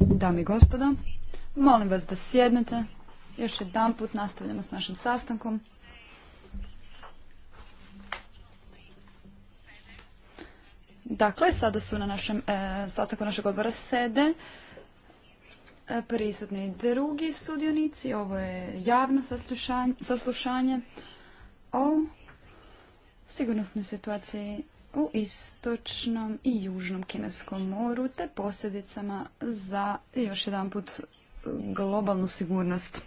Dame i gospodo, molim vas da sjednete. Još jedan put nastavljamo s našim sastankom. Dakle, sada su na našem e, sastanku našeg odbora sede e, prisutni drugi sudionici. Ovo je javno saslušanje o sigurnosnoj situaciji u istočnom i južnom kineskom moru te posljedicama za još jedan put globalnu sigurnost.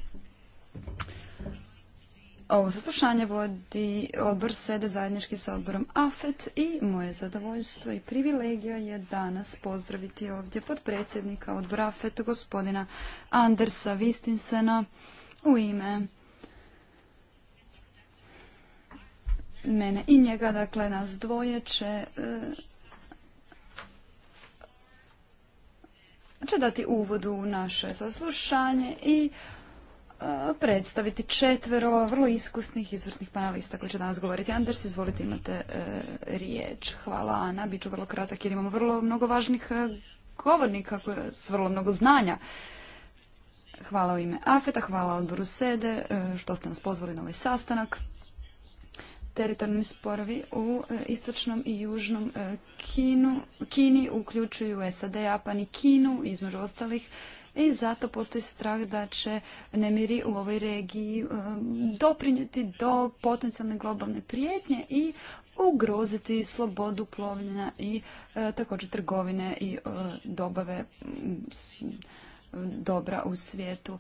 Ovo saslušanje vodi odbor sede zajednički sa odborom AFET i moje zadovoljstvo i privilegija je danas pozdraviti ovdje podpredsjednika odbora AFET gospodina Andersa Vistinsena u ime mene i njega, dakle nas dvoje će e, će dati uvod u naše saslušanje i e, predstaviti četvero vrlo iskusnih izvrsnih panelista koji će danas govoriti. Anders, izvolite, imate e, riječ. Hvala, Ana. Biću vrlo kratak jer imamo vrlo mnogo važnih govornika s vrlo mnogo znanja. Hvala u ime Afeta, hvala odboru Sede što ste nas pozvali na ovaj sastanak teritorijalni sporovi u e, istočnom i južnom e, Kini uključuju SAD, Japan i Kinu između ostalih i zato postoji strah da će nemiri u ovoj regiji e, doprinijeti do potencijalne globalne prijetnje i ugroziti slobodu plovljenja i također trgovine i dobave dobra u svijetu.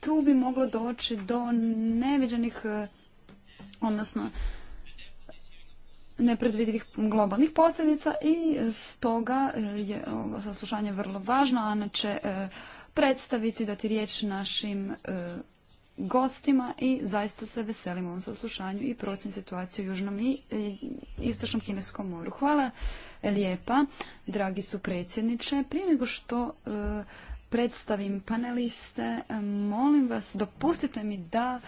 tu bi moglo doći do neviđenih odnosno nepredvidivih globalnih posljedica i stoga e, je ovo saslušanje vrlo važno. Ana će e, predstaviti, dati riječ našim e, gostima i zaista se veselim ovom saslušanju i procen situacije u Južnom i Istočnom Kineskom moru. Hvala lijepa, dragi su predsjedniče. Prije nego što predstavim paneliste, molim vas, dopustite mi da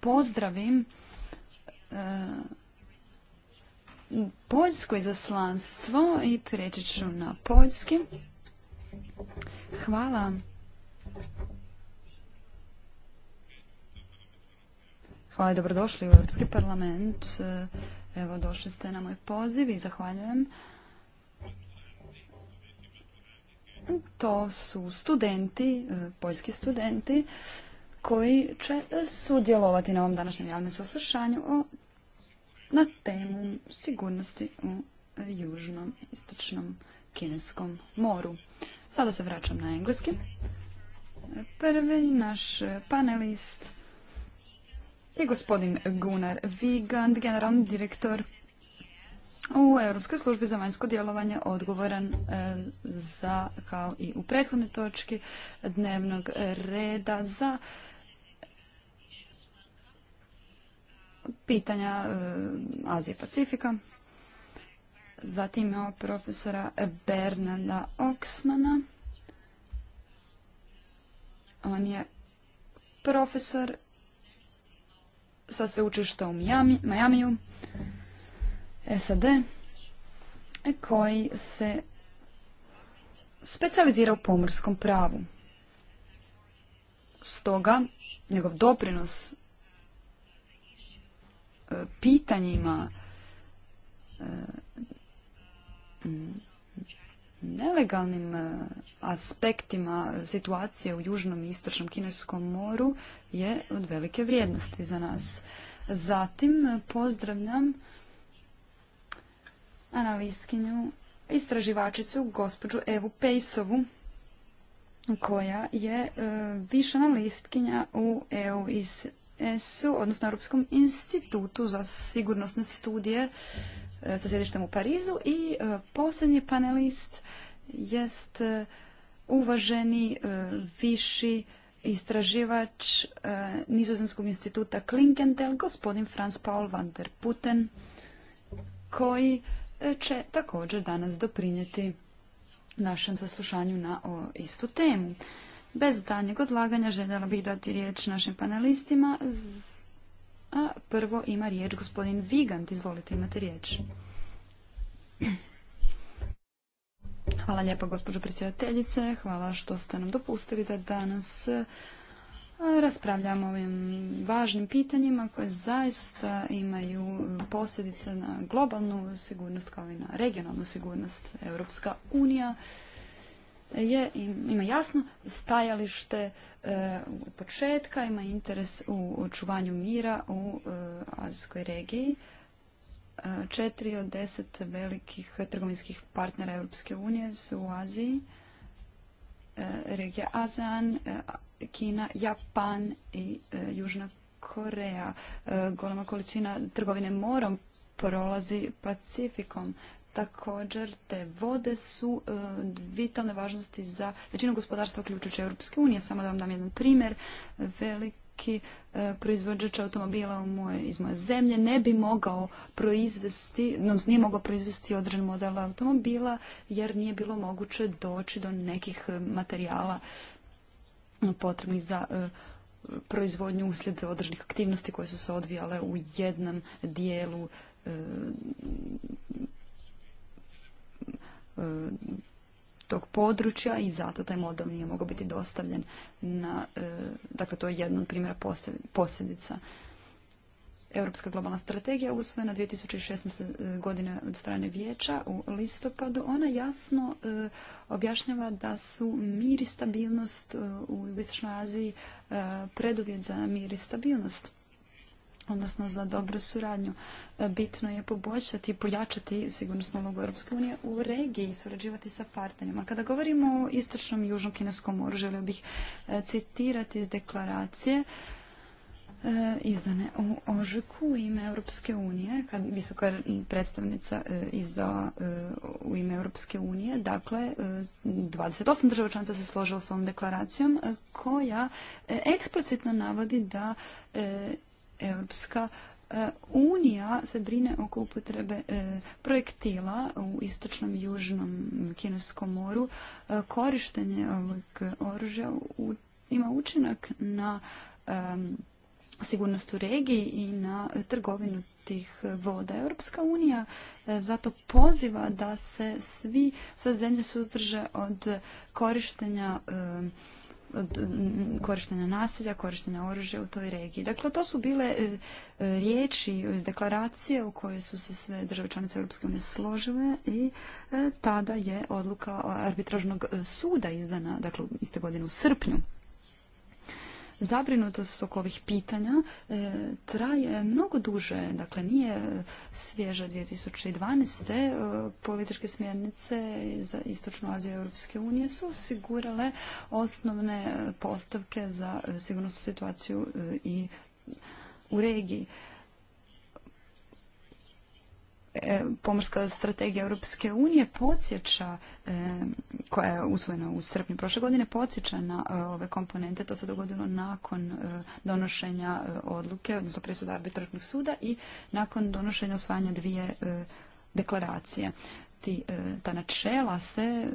pozdravim E, poljsko izaslanstvo i prijeći ću na poljski. Hvala. Hvala i dobrodošli u Europski parlament. E, evo, došli ste na moj poziv i zahvaljujem. To su studenti, e, poljski studenti koji će sudjelovati na ovom današnjem javnom saslušanju na temu sigurnosti u e, južnom, istočnom kineskom moru. Sada se vraćam na engleski. Prvi naš panelist je gospodin Gunnar Vigand, generalni direktor u Europskoj službi za vanjsko djelovanje odgovoran e, za, kao i u prethodnoj točki dnevnog reda, za pitanja e, Azije Pacifika. Zatim imamo profesora Bernarda Oksmana. On je profesor sa sveučilišta u Miami, SAD, e, koji se specializira u pomorskom pravu. Stoga, njegov doprinos pitanjima e, nelegalnim e, aspektima situacije u južnom i istočnom kineskom moru je od velike vrijednosti za nas. Zatim pozdravljam analistkinju, istraživačicu, gospođu Evu Pejsovu, koja je e, viša analistkinja u EU iz ESU, odnosno Europskom institutu za sigurnosne studije e, sa sjedištem u Parizu i e, posljednji panelist jest e, uvaženi viši istraživač Nizozemskog instituta Klingendel, gospodin Franz Paul van der Putten, koji će također danas doprinijeti našem saslušanju na istu temu. Bez daljnjeg odlaganja željela bih dati riječ našim panelistima. A prvo ima riječ gospodin Vigant. Izvolite, imate riječ. Hvala lijepo gospođo predsjedateljice. Hvala što ste nam dopustili da danas e, raspravljamo o ovim važnim pitanjima koje zaista imaju posljedice na globalnu sigurnost kao i na regionalnu sigurnost. Europska unija je, ima jasno stajalište e, početka, ima interes u očuvanju mira u e, Azijskoj regiji. E, četiri od deset velikih trgovinskih partnera Europske unije su u Aziji. E, regija ASEAN, e, Kina, Japan i Južna Koreja. Golema količina trgovine morom prolazi Pacifikom. Također, te vode su e, vitalne važnosti za većinu gospodarstva, uključujući Europske unije. Samo da vam dam jedan primjer. Veliki e, proizvođač automobila iz moje zemlje ne bi mogao proizvesti, no, nije mogao proizvesti određen model automobila, jer nije bilo moguće doći do nekih e, materijala potrebnih za proizvodnju uslijed određenih aktivnosti koje su se odvijale u jednom dijelu E, tog područja i zato taj model nije mogao biti dostavljen na, e, dakle to je jedan od primjera posljedica. Europska globalna strategija usvojena 2016. E, godine od strane vijeća u listopadu, ona jasno objašnjava da su mir i stabilnost u Istočnoj Aziji preduvjet za mir i stabilnost odnosno za dobru suradnju. E, bitno je poboljšati i pojačati sigurnosnu ulogu Europske unije u regiji, surađivati sa partnerima. Kada govorimo o istočnom i južnom kineskom moru, želio bih e, citirati iz deklaracije e, izdane u Ožeku u ime Europske unije, kad visoka predstavnica izdala u ime Europske unije, dakle 28 država članica se složila s ovom deklaracijom koja eksplicitno navodi da Europska e, Unija se brine oko upotrebe e, projektila u istočnom i južnom Kineskom moru. E, korištenje ovog oružja ima učinak na sigurnost u regiji i na trgovinu tih voda. Europska unija zato poziva da se svi, sve zemlje sudrže od korištenja korištenja nasilja, korištenja oružja u toj regiji. Dakle, to su bile e, e, riječi iz deklaracije u kojoj su se sve države članice Europske unije složile i e, tada je odluka arbitražnog suda izdana, dakle, iste godine u srpnju zabrinutost oko ovih pitanja e, traje mnogo duže. Dakle, nije svježa 2012. E, političke smjernice za Istočnu Aziju i Europske unije su osigurale osnovne postavke za sigurnosnu situaciju e, i u regiji. E, pomorska strategija Europske unije podsjeća, e, koja je usvojena u srpnju prošle godine, podsjeća na e, ove komponente. To se dogodilo nakon donošenja odluke, odnosno presuda arbitražnog suda i nakon donošenja osvajanja dvije deklaracije. ta načela se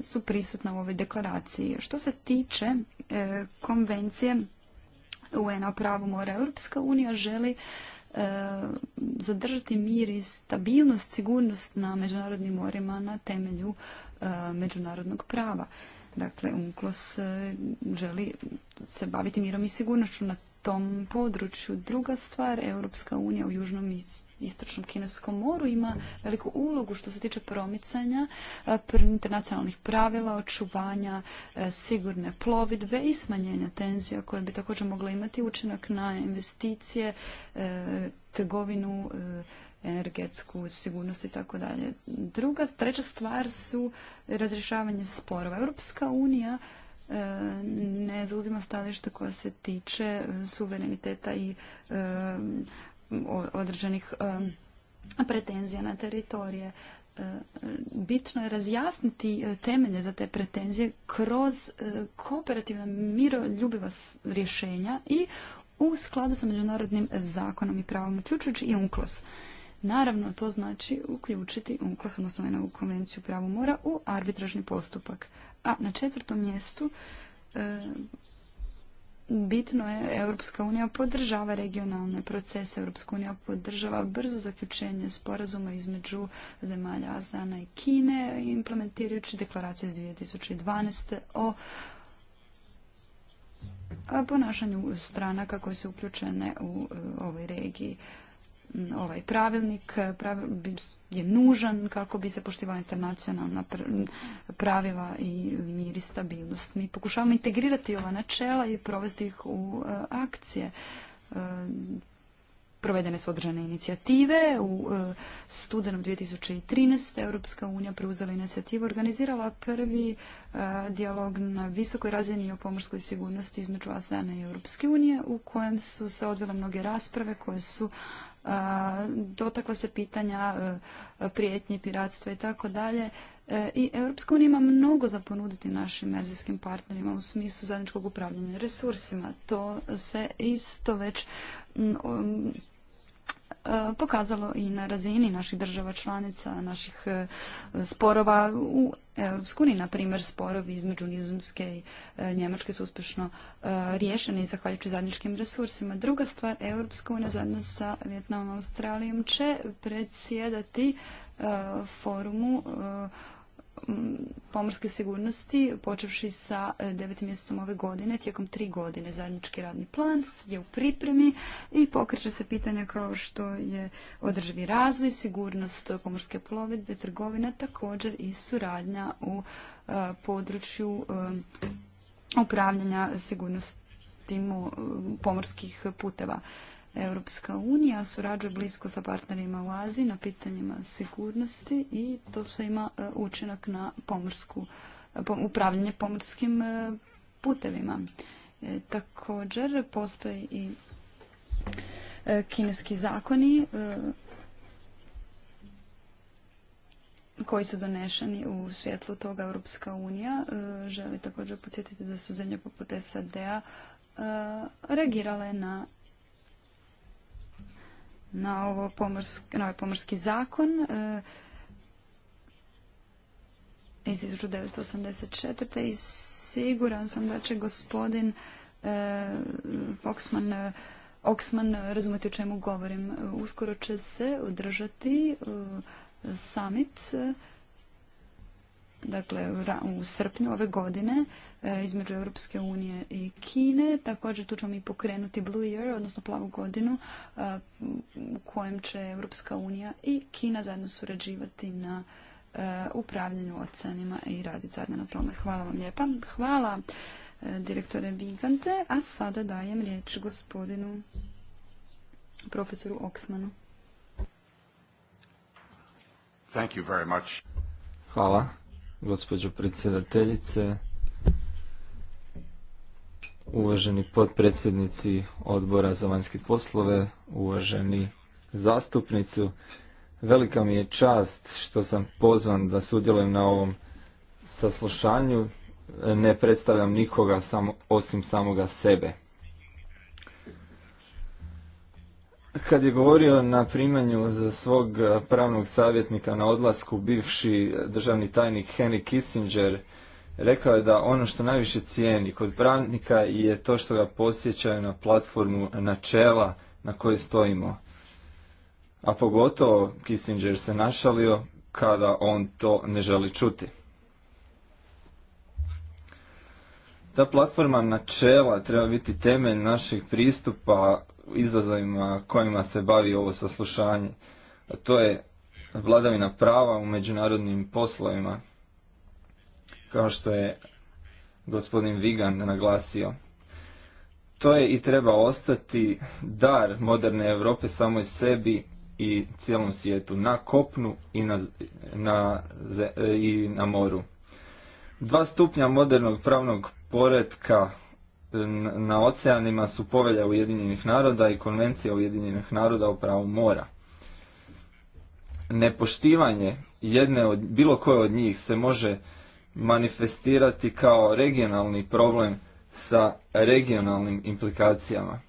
su prisutna u ovoj deklaraciji. Što se tiče konvencije UN-a o pravu mora, Europska unija želi E, zadržati mir i stabilnost, sigurnost na međunarodnim morima na temelju e, međunarodnog prava. Dakle, UNCLOS e, želi se baviti mirom i sigurnošću na tom području. Druga stvar, Europska unija u Južnom i Istočnom Kineskom moru ima veliku ulogu što se tiče promicanja internacionalnih pravila, očuvanja e, sigurne plovidbe i smanjenja tenzija koje bi također mogla imati učinak na investicije, e, trgovinu, e, energetsku sigurnost i tako dalje. Druga, treća stvar su razrješavanje sporova. Europska unija E, ne zauzima stalište koja se tiče suvereniteta i e, određenih e, pretenzija na teritorije. Bitno je razjasniti temelje za te pretenzije kroz kooperativna miroljubiva rješenja i u skladu sa međunarodnim zakonom i pravom, uključujući i UNCLOS. Naravno, to znači uključiti UNCLOS, odnosno u konvenciju pravu mora, u arbitražni postupak. A na četvrtom mjestu e, bitno je Europska unija podržava regionalne procese. Europska unija podržava brzo zaključenje sporazuma između zemalja Azana i Kine implementirajući deklaraciju iz 2012. o ponašanju stranaka koje su uključene u e, ovoj regiji ovaj pravilnik je nužan kako bi se poštivala internacionalna pravila i mir i stabilnost. Mi pokušavamo integrirati ova načela i provesti ih u e, akcije. E, provedene su održane inicijative. U e, studenom 2013. Europska unija preuzela inicijativu, organizirala prvi dijalog na visokoj razini o pomorskoj sigurnosti između Azana i Europske unije, u kojem su se odvele mnoge rasprave koje su dotakla se pitanja e, prijetnje, piratstva i tako dalje. E, I Europska unija ima mnogo za ponuditi našim azijskim partnerima u smislu zajedničkog upravljanja resursima. To se isto već E, pokazalo i na razini naših država članica, naših e, sporova u Europsku Na primjer, sporovi između Nizozemske i e, Njemačke su uspješno riješeni zahvaljujući zajedničkim resursima. Druga stvar, Europska unija zajedno sa Vjetnamom i Australijom će predsjedati forumu pomorske sigurnosti, počevši sa e, devet mjesecom ove godine, tijekom tri godine zajednički radni plan je u pripremi i pokreće se pitanja kao što je održivi razvoj, sigurnost pomorske plovidbe, trgovina, također i suradnja u e, području e, upravljanja sigurnosti pomorskih puteva. Europska unija surađuje blisko sa partnerima u Aziji na pitanjima sigurnosti i to sve ima e, učinak na pomorsku, e, upravljanje pomorskim e, putevima. Također postoji i kineski zakoni koji su donešeni u svjetlu toga Europska unija. Želi također podsjetiti da su zemlje poput SAD-a reagirale na na, ovo pomorski, na ovaj pomorski zakon e, iz 1984. i siguran sam da će gospodin e, Foxman Oksman razumjeti o čemu govorim. Uskoro će se održati e, summit dakle u srpnju ove godine E, između Europske unije i Kine. Također tu ćemo i pokrenuti Blue Year, odnosno plavu godinu e, u kojem će Europska unija i Kina zajedno surađivati na e, upravljanju oceanima i raditi zajedno na tome. Hvala vam lijepa. Hvala direktore Vigante, a sada dajem riječ gospodinu profesoru Oksmanu. Thank Hvala, gospođo predsjedateljice, uvaženi potpredsjednici odbora za vanjske poslove, uvaženi zastupnicu. Velika mi je čast što sam pozvan da sudjelujem na ovom saslušanju. Ne predstavljam nikoga samo, osim samoga sebe. Kad je govorio na primanju za svog pravnog savjetnika na odlasku, bivši državni tajnik Henry Kissinger Rekao je da ono što najviše cijeni kod pravnika je to što ga posjećaju na platformu načela na kojoj stojimo. A pogotovo Kissinger se našalio kada on to ne želi čuti. Ta platforma načela treba biti temelj našeg pristupa izazovima kojima se bavi ovo saslušanje. A to je vladavina prava u međunarodnim poslovima kao što je gospodin Vigan naglasio. To je i treba ostati dar moderne Europe samoj sebi i cijelom svijetu, na kopnu i na, na, i na moru. Dva stupnja modernog pravnog poretka na oceanima su povelja Ujedinjenih naroda i konvencija Ujedinjenih naroda o pravu mora. Nepoštivanje jedne od, bilo koje od njih se može manifestirati kao regionalni problem sa regionalnim implikacijama.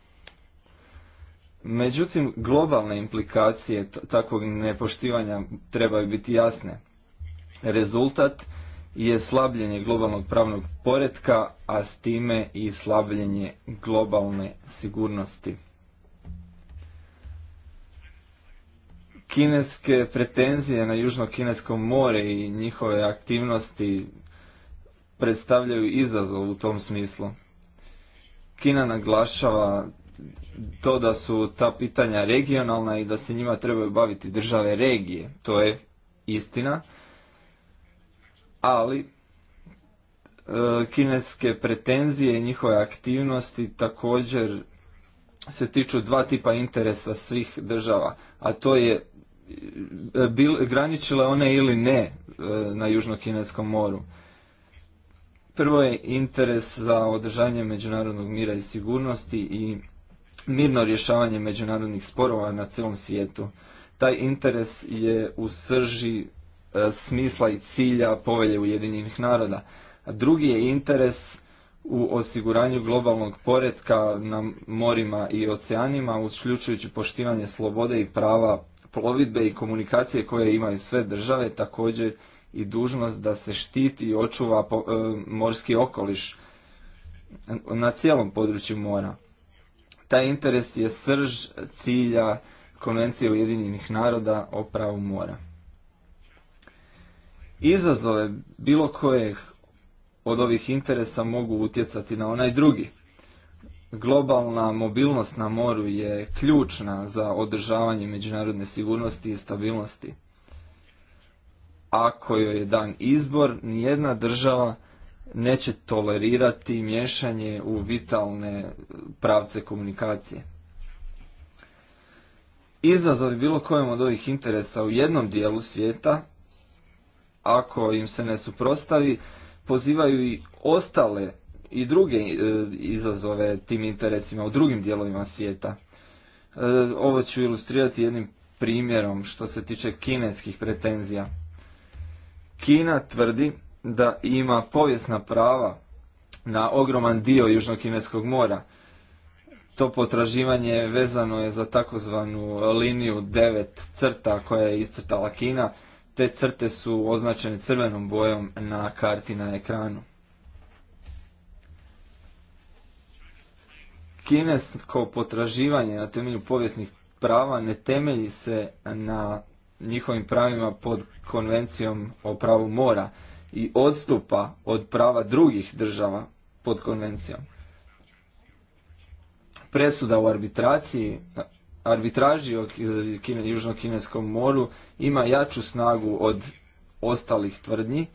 Međutim, globalne implikacije takvog nepoštivanja trebaju biti jasne. Rezultat je slabljenje globalnog pravnog poretka, a s time i slabljenje globalne sigurnosti. kineske pretenzije na Južno-Kinesko more i njihove aktivnosti predstavljaju izazov u tom smislu. Kina naglašava to da su ta pitanja regionalna i da se njima trebaju baviti države regije. To je istina, ali e, kineske pretenzije i njihove aktivnosti također se tiču dva tipa interesa svih država, a to je E, bil, graničile one ili ne e, na Južno-Kineskom moru. Prvo je interes za održanje međunarodnog mira i sigurnosti i mirno rješavanje međunarodnih sporova na cijelom svijetu. Taj interes je u srži e, smisla i cilja povelje Ujedinjenih naroda. A drugi je interes u osiguranju globalnog poretka na morima i oceanima, uključujući poštivanje slobode i prava plovidbe i komunikacije koje imaju sve države, također i dužnost da se štiti i očuva e, morski okoliš na cijelom području mora. Taj interes je srž cilja Konvencije Ujedinjenih naroda o pravu mora. Izazove bilo kojeg od ovih interesa mogu utjecati na onaj drugi globalna mobilnost na moru je ključna za održavanje međunarodne sigurnosti i stabilnosti. Ako joj je dan izbor, nijedna država neće tolerirati miješanje u vitalne pravce komunikacije. Izazovi bilo kojem od ovih interesa u jednom dijelu svijeta, ako im se ne suprostavi, pozivaju i ostale i druge e, izazove tim interesima u drugim dijelovima svijeta. E, ovo ću ilustrirati jednim primjerom što se tiče kineskih pretenzija. Kina tvrdi da ima povijesna prava na ogroman dio Južnokineskog mora. To potraživanje vezano je za takozvanu liniju devet crta koja je iscrtala Kina. Te crte su označene crvenom bojom na karti na ekranu. kinesko potraživanje na temelju povijesnih prava ne temelji se na njihovim pravima pod konvencijom o pravu mora i odstupa od prava drugih država pod konvencijom. Presuda u arbitraciji, arbitraži o Južno-Kineskom moru ima jaču snagu od ostalih tvrdnji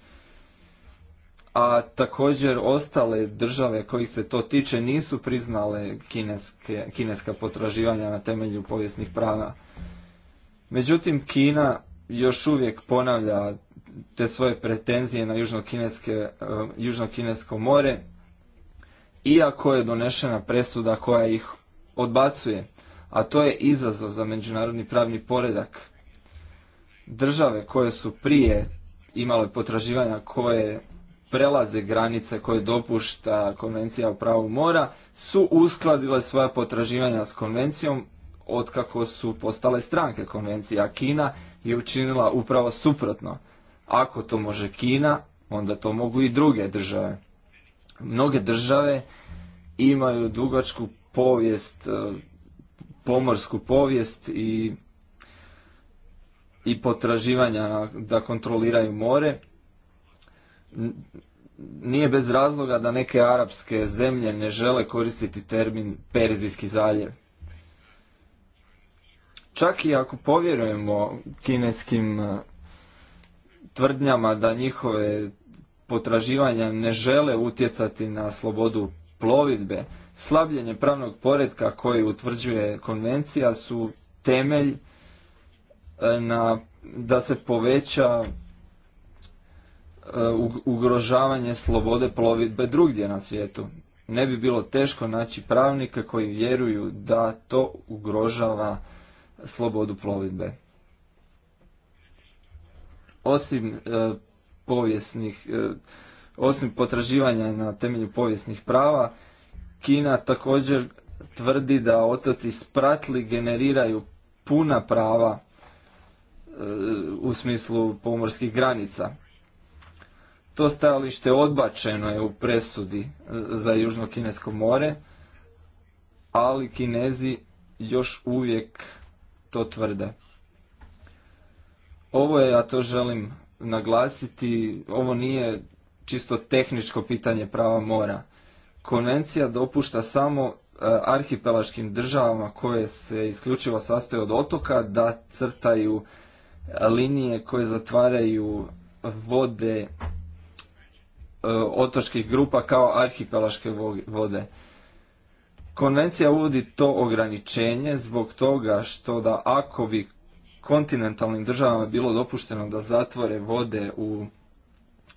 a također ostale države kojih se to tiče nisu priznale kineske, kineska potraživanja na temelju povijesnih prava. Međutim, Kina još uvijek ponavlja te svoje pretenzije na e, južno-kinesko more, iako je donešena presuda koja ih odbacuje, a to je izazov za međunarodni pravni poredak. Države koje su prije imale potraživanja koje prelaze granice koje dopušta Konvencija o pravu mora, su uskladile svoja potraživanja s konvencijom otkako su postale stranke konvencije, a Kina je učinila upravo suprotno. Ako to može Kina, onda to mogu i druge države. Mnoge države imaju dugačku povijest, e, pomorsku povijest i, i potraživanja da kontroliraju more nije bez razloga da neke arapske zemlje ne žele koristiti termin Perzijski zaljev. Čak i ako povjerujemo kineskim e, tvrdnjama da njihove potraživanja ne žele utjecati na slobodu plovidbe, slabljenje pravnog poredka koji utvrđuje konvencija su temelj e, na, da se poveća ugrožavanje slobode plovidbe drugdje na svijetu. Ne bi bilo teško naći pravnike koji vjeruju da to ugrožava slobodu plovidbe. Osim e, povijesnih, e, osim potraživanja na temelju povijesnih prava, Kina također tvrdi da otoci spratli generiraju puna prava e, u smislu pomorskih granica. To stajalište odbačeno je u presudi e, za Južno Kinesko more, ali Kinezi još uvijek to tvrde. Ovo je, ja to želim naglasiti, ovo nije čisto tehničko pitanje prava mora. Konvencija dopušta samo e, arhipelaškim državama koje se isključivo sastoje od otoka da crtaju e, linije koje zatvaraju vode E, otočkih grupa kao arhipelaške vode. Konvencija uvodi to ograničenje zbog toga što da ako bi kontinentalnim državama bilo dopušteno da zatvore vode u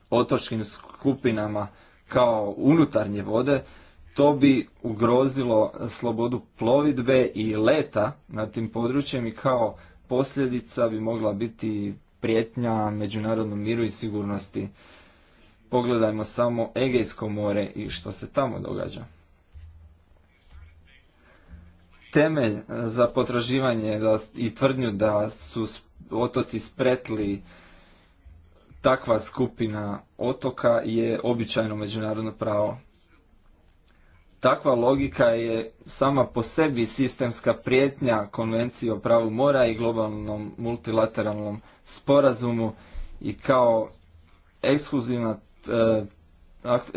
otočkim skupinama kao unutarnje vode, to bi ugrozilo slobodu plovidbe i leta na tim područjem i kao posljedica bi mogla biti prijetnja međunarodnom miru i sigurnosti. Pogledajmo samo Egejsko more i što se tamo događa. Temelj eh, za potraživanje i tvrdnju da su otoci spretli takva skupina otoka je običajno međunarodno pravo. Takva logika je sama po sebi sistemska prijetnja Konvenciji o pravu mora i globalnom multilateralnom sporazumu i kao ekskluzivna E,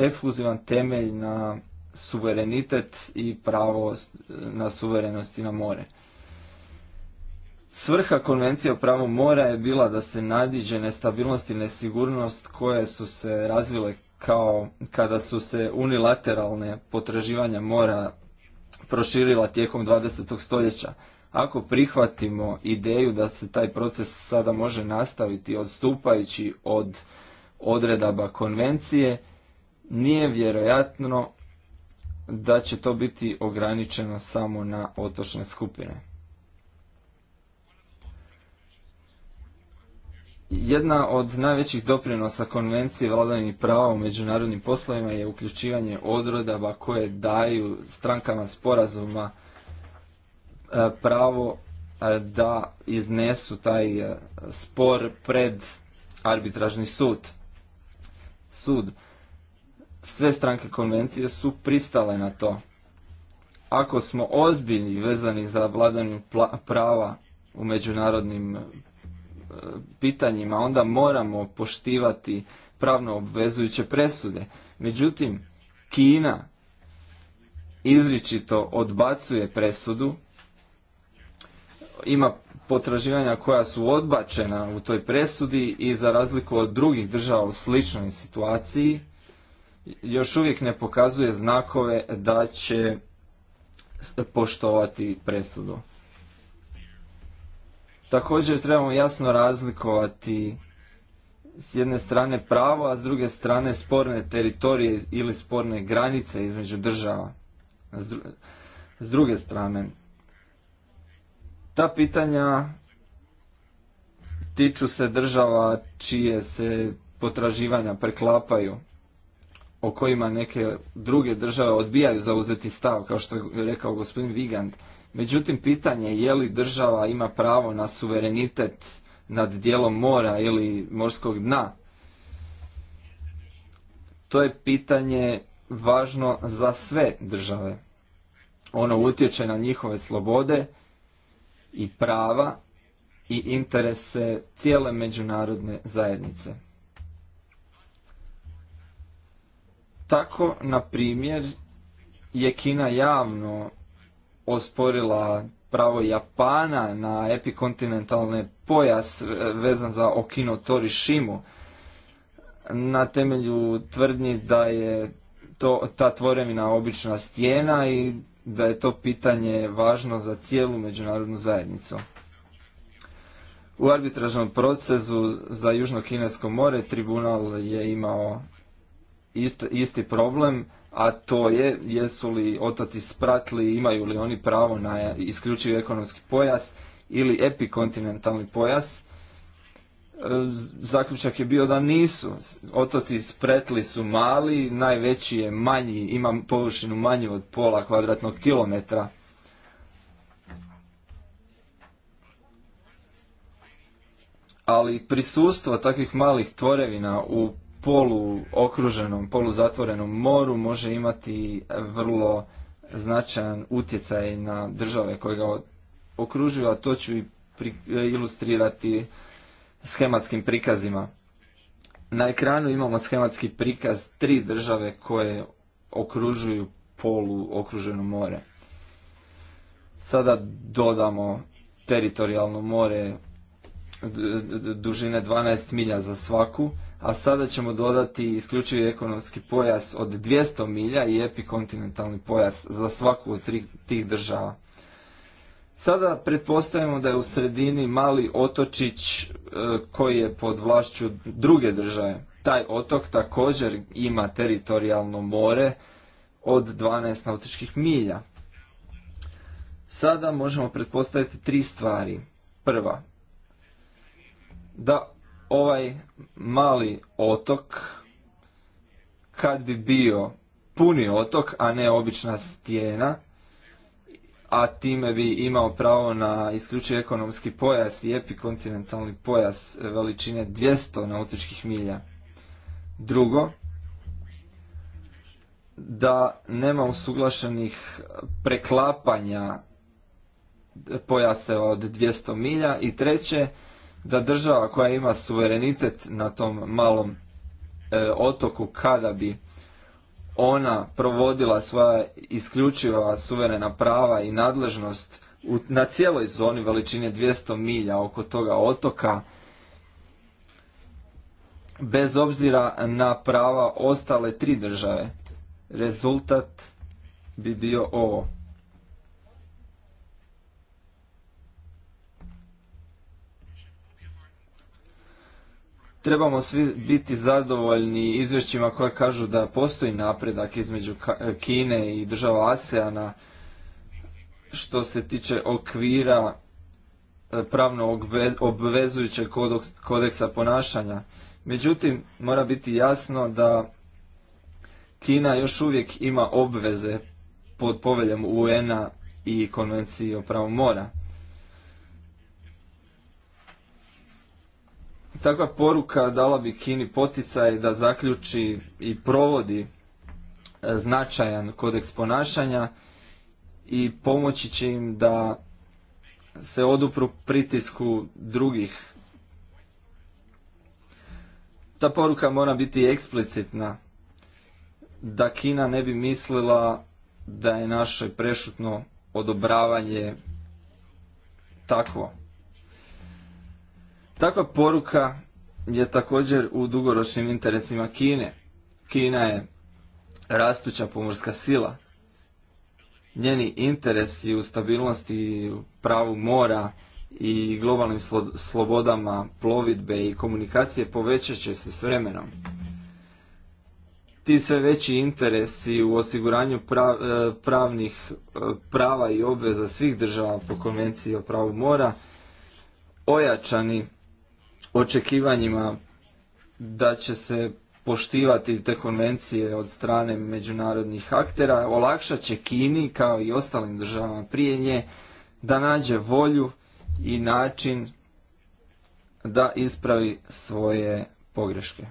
ekskluzivan temelj na suverenitet i pravo na suverenosti na more. Svrha konvencije o pravu mora je bila da se nadiđe nestabilnost i nesigurnost koje su se razvile kao kada su se unilateralne potraživanja mora proširila tijekom 20. stoljeća. Ako prihvatimo ideju da se taj proces sada može nastaviti odstupajući od odredaba konvencije, nije vjerojatno da će to biti ograničeno samo na otočne skupine. Jedna od najvećih doprinosa konvencije vladanih prava u međunarodnim poslovima je uključivanje odredaba koje daju strankama sporazuma e, pravo e, da iznesu taj e, spor pred arbitražni sud sud. Sve stranke konvencije su pristale na to. Ako smo ozbiljni vezani za vladanje prava u međunarodnim e, pitanjima, onda moramo poštivati pravno obvezujuće presude. Međutim, Kina izričito odbacuje presudu ima potraživanja koja su odbačena u toj presudi i za razliku od drugih država u sličnoj situaciji još uvijek ne pokazuje znakove da će poštovati presudu. Također trebamo jasno razlikovati s jedne strane pravo, a s druge strane sporne teritorije ili sporne granice između država. S druge strane, ta pitanja tiču se država čije se potraživanja preklapaju, o kojima neke druge države odbijaju zauzeti stav, kao što je rekao gospodin Vigand. Međutim, pitanje je li država ima pravo na suverenitet nad dijelom mora ili morskog dna. To je pitanje važno za sve države. Ono utječe na njihove slobode, i prava i interese cijele međunarodne zajednice. Tako, na primjer, je Kina javno osporila pravo Japana na epikontinentalne pojas vezan za Okino Torishimu na temelju tvrdnji da je to, ta tvorevina obična stijena i da je to pitanje važno za cijelu međunarodnu zajednicu. U arbitražnom procesu za Južno-Kinesko more tribunal je imao isti problem, a to je jesu li otoci spratli, imaju li oni pravo na isključivi ekonomski pojas ili epikontinentalni pojas zaključak je bio da nisu. Otoci spretli su mali, najveći je manji, ima površinu manju od pola kvadratnog kilometra. Ali prisustvo takvih malih tvorevina u polu okruženom, polu zatvorenom moru može imati vrlo značajan utjecaj na države koje ga okružuju, a to ću i ilustrirati schematskim prikazima. Na ekranu imamo schematski prikaz tri države koje okružuju polu okruženo more. Sada dodamo teritorijalno more dužine 12 milja za svaku, a sada ćemo dodati isključivi ekonomski pojas od 200 milja i epikontinentalni pojas za svaku od tih država. Sada pretpostavimo da je u sredini mali otočić e, koji je pod vlašću druge države. Taj otok također ima teritorijalno more od 12 nautičkih milja. Sada možemo pretpostaviti tri stvari. Prva, da ovaj mali otok kad bi bio puni otok, a ne obična stijena, a time bi imao pravo na isključivi ekonomski pojas i epikontinentalni pojas e, veličine 200 nautičkih milja. Drugo, da nema usuglašenih preklapanja pojase od 200 milja i treće, da država koja ima suverenitet na tom malom e, otoku kada bi ona provodila svoja isključiva suverena prava i nadležnost na cijeloj zoni veličine 200 milja oko toga otoka, bez obzira na prava ostale tri države. Rezultat bi bio ovo. trebamo svi biti zadovoljni izvješćima koja kažu da postoji napredak između e, Kine i država ASEANA što se tiče okvira e, pravno obvezujućeg kodeksa ponašanja. Međutim, mora biti jasno da Kina još uvijek ima obveze pod poveljem UN-a i konvenciji o pravu mora. Takva poruka dala bi Kini poticaj da zaključi i provodi e, značajan kodeks ponašanja i pomoći će im da se odupru pritisku drugih. Ta poruka mora biti eksplicitna, da Kina ne bi mislila da je naše prešutno odobravanje takvo. Takva poruka je također u dugoročnim interesima Kine. Kina je rastuća pomorska sila. Njeni interesi u stabilnosti pravu mora i globalnim slobodama plovidbe i komunikacije povećat će se s vremenom. Ti sve veći interesi u osiguranju e, pravnih e, prava i obveza svih država po konvenciji o pravu mora ojačani očekivanjima da će se poštivati te konvencije od strane međunarodnih aktera, olakšat će Kini kao i ostalim državama prije nje da nađe volju i način da ispravi svoje pogreške.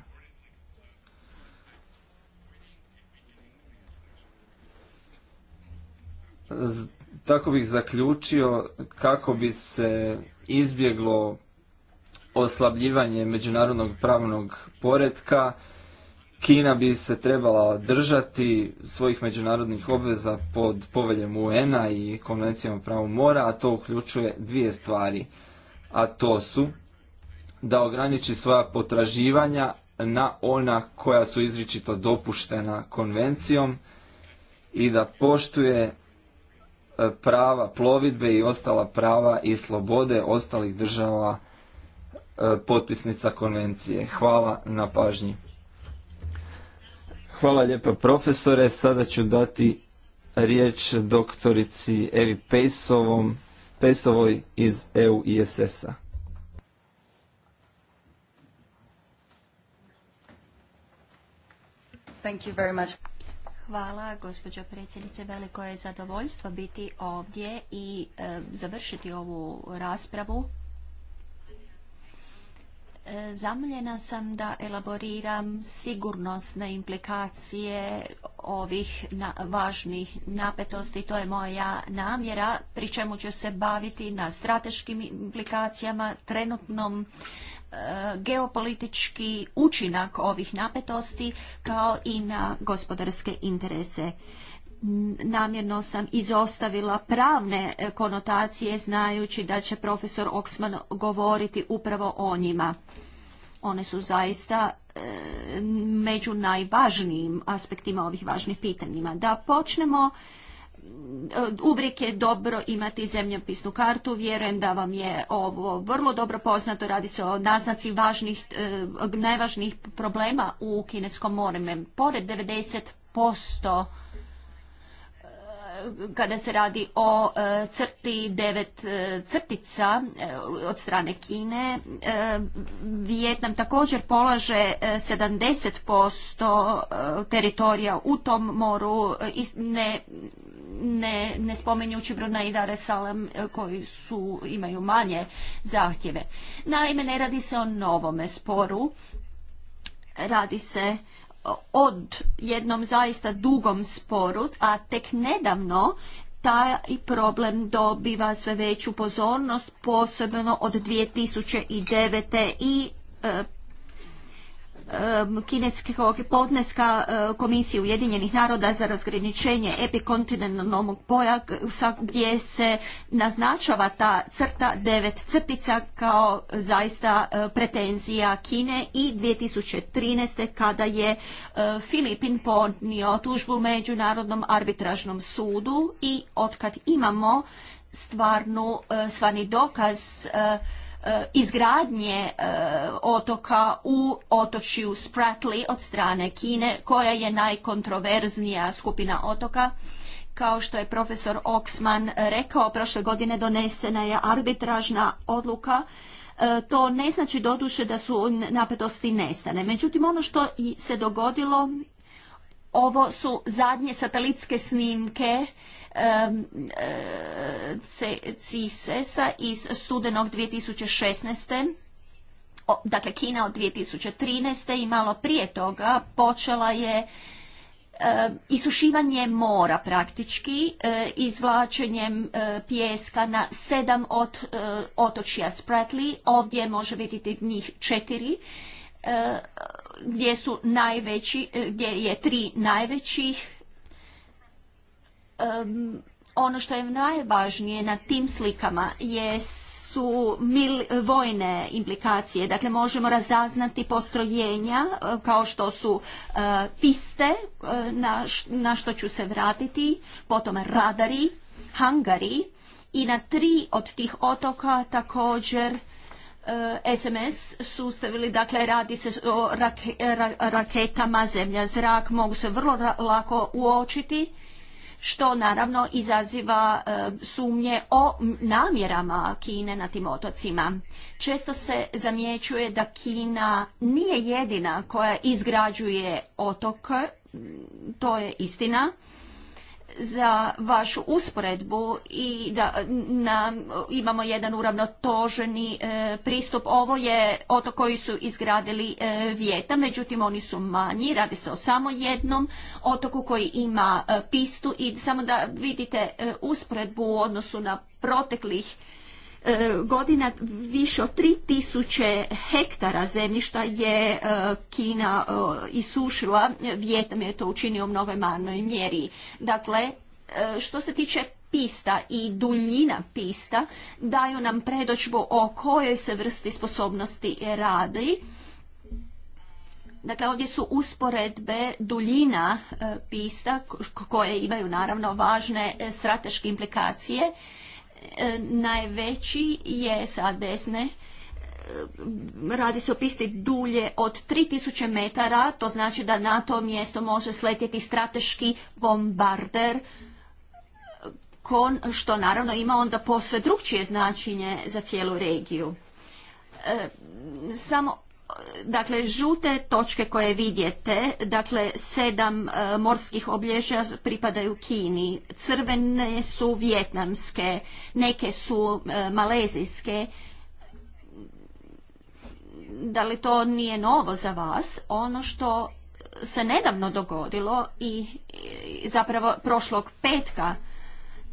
Tako bih zaključio kako bi se izbjeglo oslabljivanje međunarodnog pravnog poretka. Kina bi se trebala držati svojih međunarodnih obveza pod poveljem UN-a i konvencijom o pravu mora, a to uključuje dvije stvari. A to su da ograniči svoja potraživanja na ona koja su izričito dopuštena konvencijom i da poštuje e, prava plovidbe i ostala prava i slobode ostalih država E, potpisnica konvencije. Hvala na pažnji. Hvala lijepo profesore. Sada ću dati riječ doktorici Evi Pejsovom, Pejsovoj iz EU ISS-a. Hvala, gospođo predsjednice. Veliko je zadovoljstvo biti ovdje i e, završiti ovu raspravu Zamljena sam da elaboriram sigurnosne implikacije ovih važnih napetosti. To je moja namjera, pri čemu ću se baviti na strateškim implikacijama, trenutnom e, geopolitički učinak ovih napetosti, kao i na gospodarske interese namjerno sam izostavila pravne e, konotacije znajući da će profesor Oksman govoriti upravo o njima. One su zaista e, među najvažnijim aspektima ovih važnih pitanjima. Da počnemo uvijek je dobro imati zemljopisnu kartu. Vjerujem da vam je ovo vrlo dobro poznato. Radi se o naznaci važnih, e, najvažnijih problema u Kineskom moreme. Pored 90% kada se radi o e, crti devet e, crtica e, od strane Kine. Vijetnam također polaže 70% teritorija u tom moru, ne, ne, ne spomenjući Brunei i koji su, imaju manje zahtjeve. Naime, ne radi se o novome sporu, radi se od jednom zaista dugom sporu, a tek nedavno taj problem dobiva sve veću pozornost, posebno od 2009. i Um, kineskog podneska uh, Komisije Ujedinjenih naroda za razgraničenje epikontinentalnog pojasa gdje se naznačava ta crta devet crtica kao zaista uh, pretenzija Kine i 2013. kada je uh, Filipin podnio tužbu Međunarodnom arbitražnom sudu i otkad imamo stvarnu, stvarni dokaz E, izgradnje e, otoka u otočju Spratly od strane Kine, koja je najkontroverznija skupina otoka. Kao što je profesor Oksman rekao, prošle godine donesena je arbitražna odluka e, to ne znači doduše da su napetosti nestane. Međutim, ono što se dogodilo ovo su zadnje satelitske snimke e, CISES-a iz studenog 2016. dakle, Kina od 2013. i malo prije toga počela je e, isušivanje mora praktički, e, izvlačenjem pijeska na sedam od otočja Spratly. Ovdje može vidjeti njih četiri gdje su najveći, e, gdje je tri najvećih. ono što je najvažnije na tim slikama je su vojne implikacije. Dakle, možemo razaznati postrojenja e, kao što su e, piste, na, na što ću se vratiti, potom radari, hangari i na tri od tih otoka također E, SMS sustavili, dakle radi se o raketama zemlja zrak, mogu se vrlo lako uočiti što naravno izaziva e, sumnje o namjerama Kine na tim otocima. Često se zamjećuje da Kina nije jedina koja izgrađuje otok, to je istina, za vašu usporedbu i da na, imamo jedan uravnotoženi e, pristup. Ovo je otok koji su izgradili e, vijeta, međutim oni su manji, radi se o samo jednom otoku koji ima e, pistu i samo da vidite e, usporedbu u odnosu na proteklih E, godina više od 3000 hektara zemljišta je e, Kina e, isušila, Vjetnam je to učinio u mnogoj manoj mjeri. Dakle, što se tiče pista i duljina pista daju nam predoćbu o kojoj se vrsti sposobnosti radi. Dakle, ovdje su usporedbe duljina pista koje imaju naravno važne strateške implikacije E, najveći je sa desne e, radi se o pisti dulje od 3000 metara, to znači da na to mjesto može sletjeti strateški bombarder, kon, što naravno ima onda posve drugčije značenje za cijelu regiju. E, samo dakle žute točke koje vidite, dakle sedam e, morskih oblježja pripadaju Kini, crvene su vjetnamske, neke su e, malezijske. Da li to nije novo za vas? Ono što se nedavno dogodilo i zapravo prošlog petka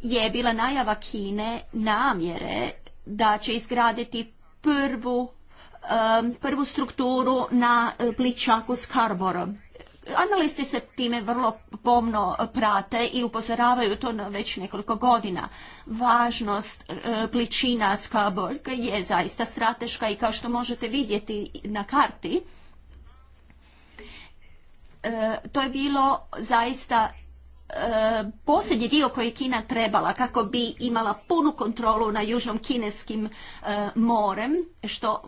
je bila najava Kine namjere da će izgraditi prvu Um, prvu strukturu na eh, pličaku Scarborough. Analisti se time vrlo pomno prate i upozoravaju to već nekoliko godina. Važnost eh, pličina pličina Skaborg je zaista strateška i kao što možete vidjeti na karti, eh, to je bilo zaista posljednji dio koji je Kina trebala kako bi imala punu kontrolu na južnom kineskim e, morem, što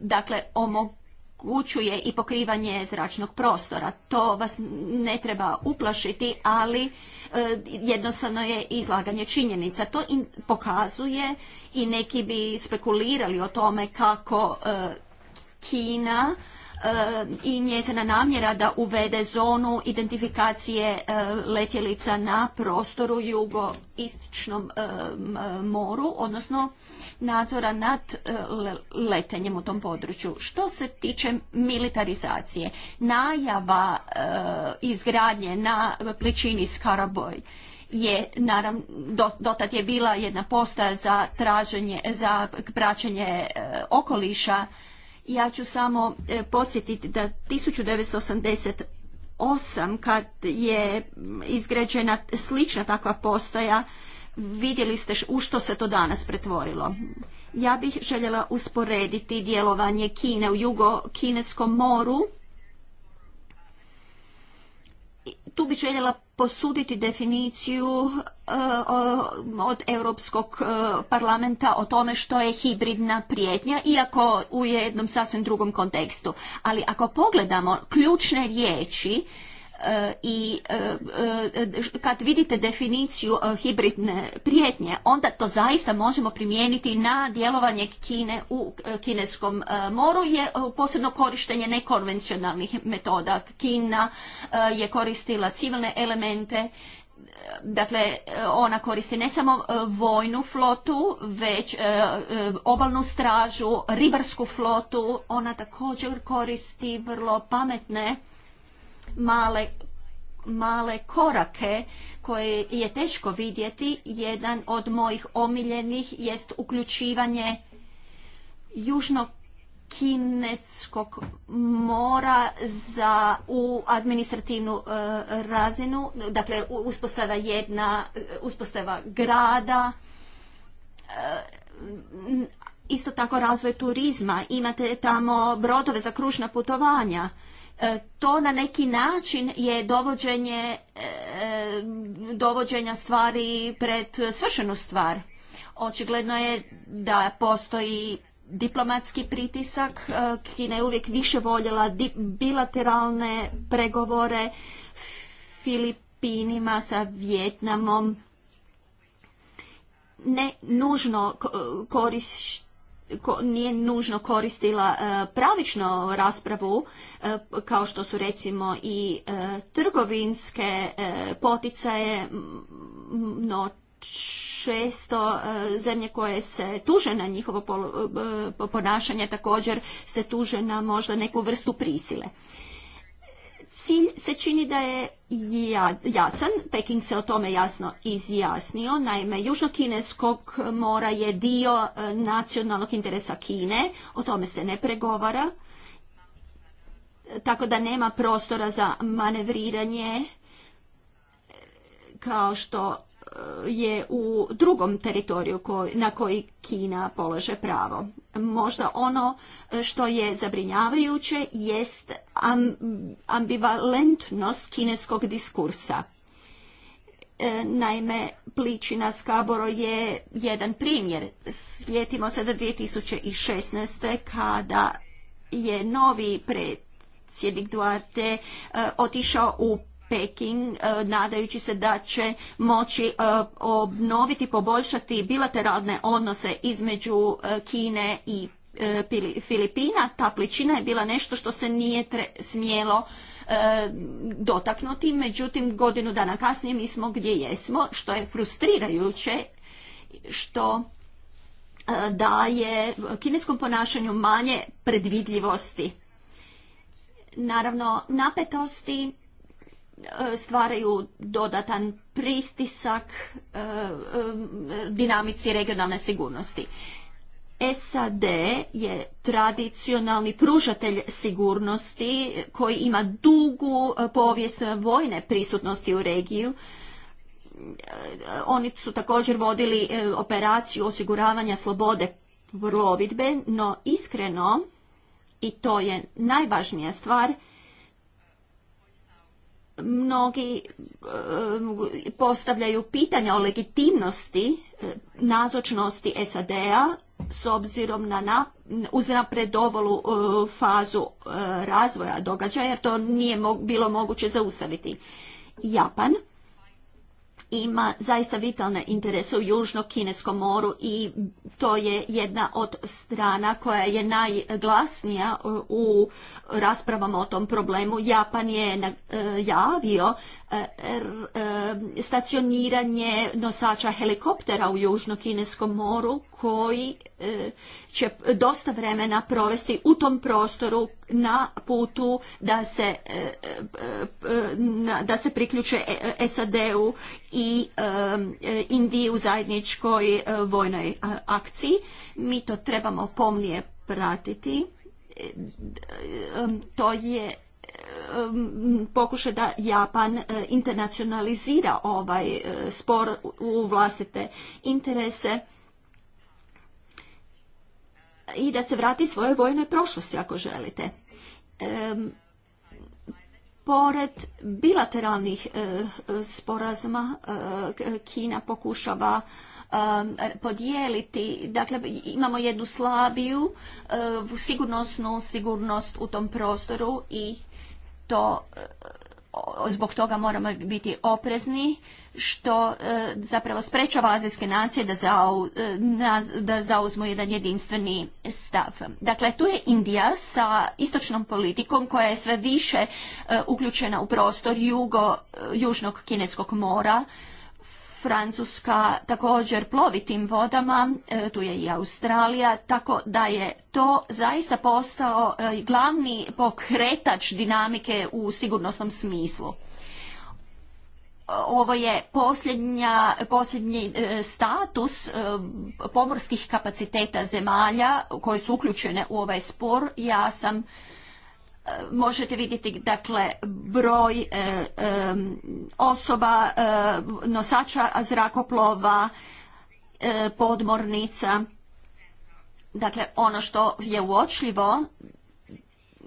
dakle omogućuje i pokrivanje zračnog prostora. To vas ne treba uplašiti, ali e, jednostavno je izlaganje činjenica. To pokazuje i neki bi spekulirali o tome kako e, Kina E, i njezina namjera da uvede zonu identifikacije e, letjelica na prostoru jugoističnom e, moru, odnosno nadzora nad letenjem u tom području. Što se tiče militarizacije, najava izgradnje na pličini Skaraboj je naravno dotad je bila jedna postaja za traženje za praćenje okoliša ja ću samo e, podsjetiti da 1988 kad je izgrađena slična takva postaja, vidjeli ste u što se to danas pretvorilo. Ja bih željela usporediti djelovanje Kine u jugo-kineskom moru Tu bi željela posuditi definiciju e, od Europskog e, parlamenta o tome što je hibridna prijetnja, iako u jednom sasvim drugom kontekstu. Ali ako pogledamo ključne riječi, Eh, i eh, eh, kad vidite definiciju hibridne prijetnje, onda to zaista možemo primijeniti na djelovanje Kine u Kineskom moru, je posebno korištenje nekonvencionalnih metoda. Kina je koristila civilne elemente, dakle ona koristi ne samo vojnu flotu, već obalnu stražu, ribarsku flotu, ona također koristi vrlo pametne male male korake koje je teško vidjeti. Jedan od mojih omiljenih jest uključivanje južnokinetskog mora za u administrativnu e, razinu, dakle uspostava jedna, e, uspostava grada, e, isto tako razvoj turizma, imate tamo brodove za kružna putovanja. E, to na neki način je dovođenje, e, dovođenja stvari pred svršenu stvar. Očigledno je da postoji diplomatski pritisak. E, Kina je uvijek više voljela bilateralne pregovore Filipinima sa Vjetnamom. Ne nužno koristi nije nužno koristila e, pravično raspravu e, kao što su recimo i e, trgovinske poticaje, no često zemlje koje se tuže na njihovo ponašanje također se tuže na možda neku vrstu prisile. Cilj se čini da je jasan, Peking se o tome jasno izjasnio, naime Južnokineskog mora je dio e, nacionalnog interesa Kine, o tome se ne pregovara, tako da nema prostora za manevriranje kao što je u drugom teritoriju na koji Kina polože pravo. Možda ono e, što je zabrinjavajuće jest ambivalentnost kineskog diskursa. E, naime, pličina Skaboro je jedan primjer. Sjetimo se do 2016. kada je novi predsjednik Duarte e, otišao u Peking e, nadajući se da će moći e, obnoviti, poboljšati bilateralne odnose između e, Kine i Filipina. Ta pličina je bila nešto što se nije smjelo dotaknuti, međutim godinu dana kasnije mi smo gdje jesmo, što je frustrirajuće, što daje kineskom ponašanju manje predvidljivosti. Naravno, napetosti E, stvaraju dodatan pristisak e, e, dinamici regionalne sigurnosti. SAD je tradicionalni pružatelj sigurnosti koji ima dugu povijest vojne prisutnosti u regiju. Oni su također vodili operaciju osiguravanja slobode plovidbe, no iskreno, i to je najvažnija stvar, mnogi e, postavljaju pitanja o legitimnosti e, nazočnosti SAD-a s obzirom na, na uznapredovolu e, fazu razvoja događaja jer to nije bilo moguće zaustaviti. Japan ima zaista vitalne interese u Južno-Kineskom moru i to je jedna od strana koja je najglasnija u raspravama o tom problemu. Japan je e, javio Eh, eh, stacioniranje nosača helikoptera u Južno-Kineskom moru koji eh, će dosta vremena provesti u tom prostoru na putu da se, da se priključe e- SAD-u i Indiji u zajedničkoj vojnoj akciji. Mi to trebamo pomnije pratiti. To je Um, pokušaj da Japan uh, internacionalizira ovaj uh, spor u vlastite interese i da se vrati svojoj vojnoj prošlosti ako želite. Um, pored bilateralnih uh, sporazuma Kina pokušava um, podijeliti, dakle imamo jednu slabiju sigurnosnu sigurnost u tom prostoru i to zbog toga moramo biti oprezni što e, zapravo sprečava azijske nacije e, da, zauzmu jedan jedinstveni stav. Dakle, tu je Indija sa istočnom politikom koja je sve više e, uključena u prostor jugo, južnog kineskog mora, Francuska također plovi tim vodama, e, tu je i Australija, tako da je to zaista postao e, glavni pokretač dinamike u sigurnosnom smislu ovo je posljednji e, status pomorskih kapaciteta zemalja koje su uključene u ovaj spor. Ja sam možete vidjeti dakle broj e, e, osoba e, nosača zrakoplova podmornica dakle ono što je uočljivo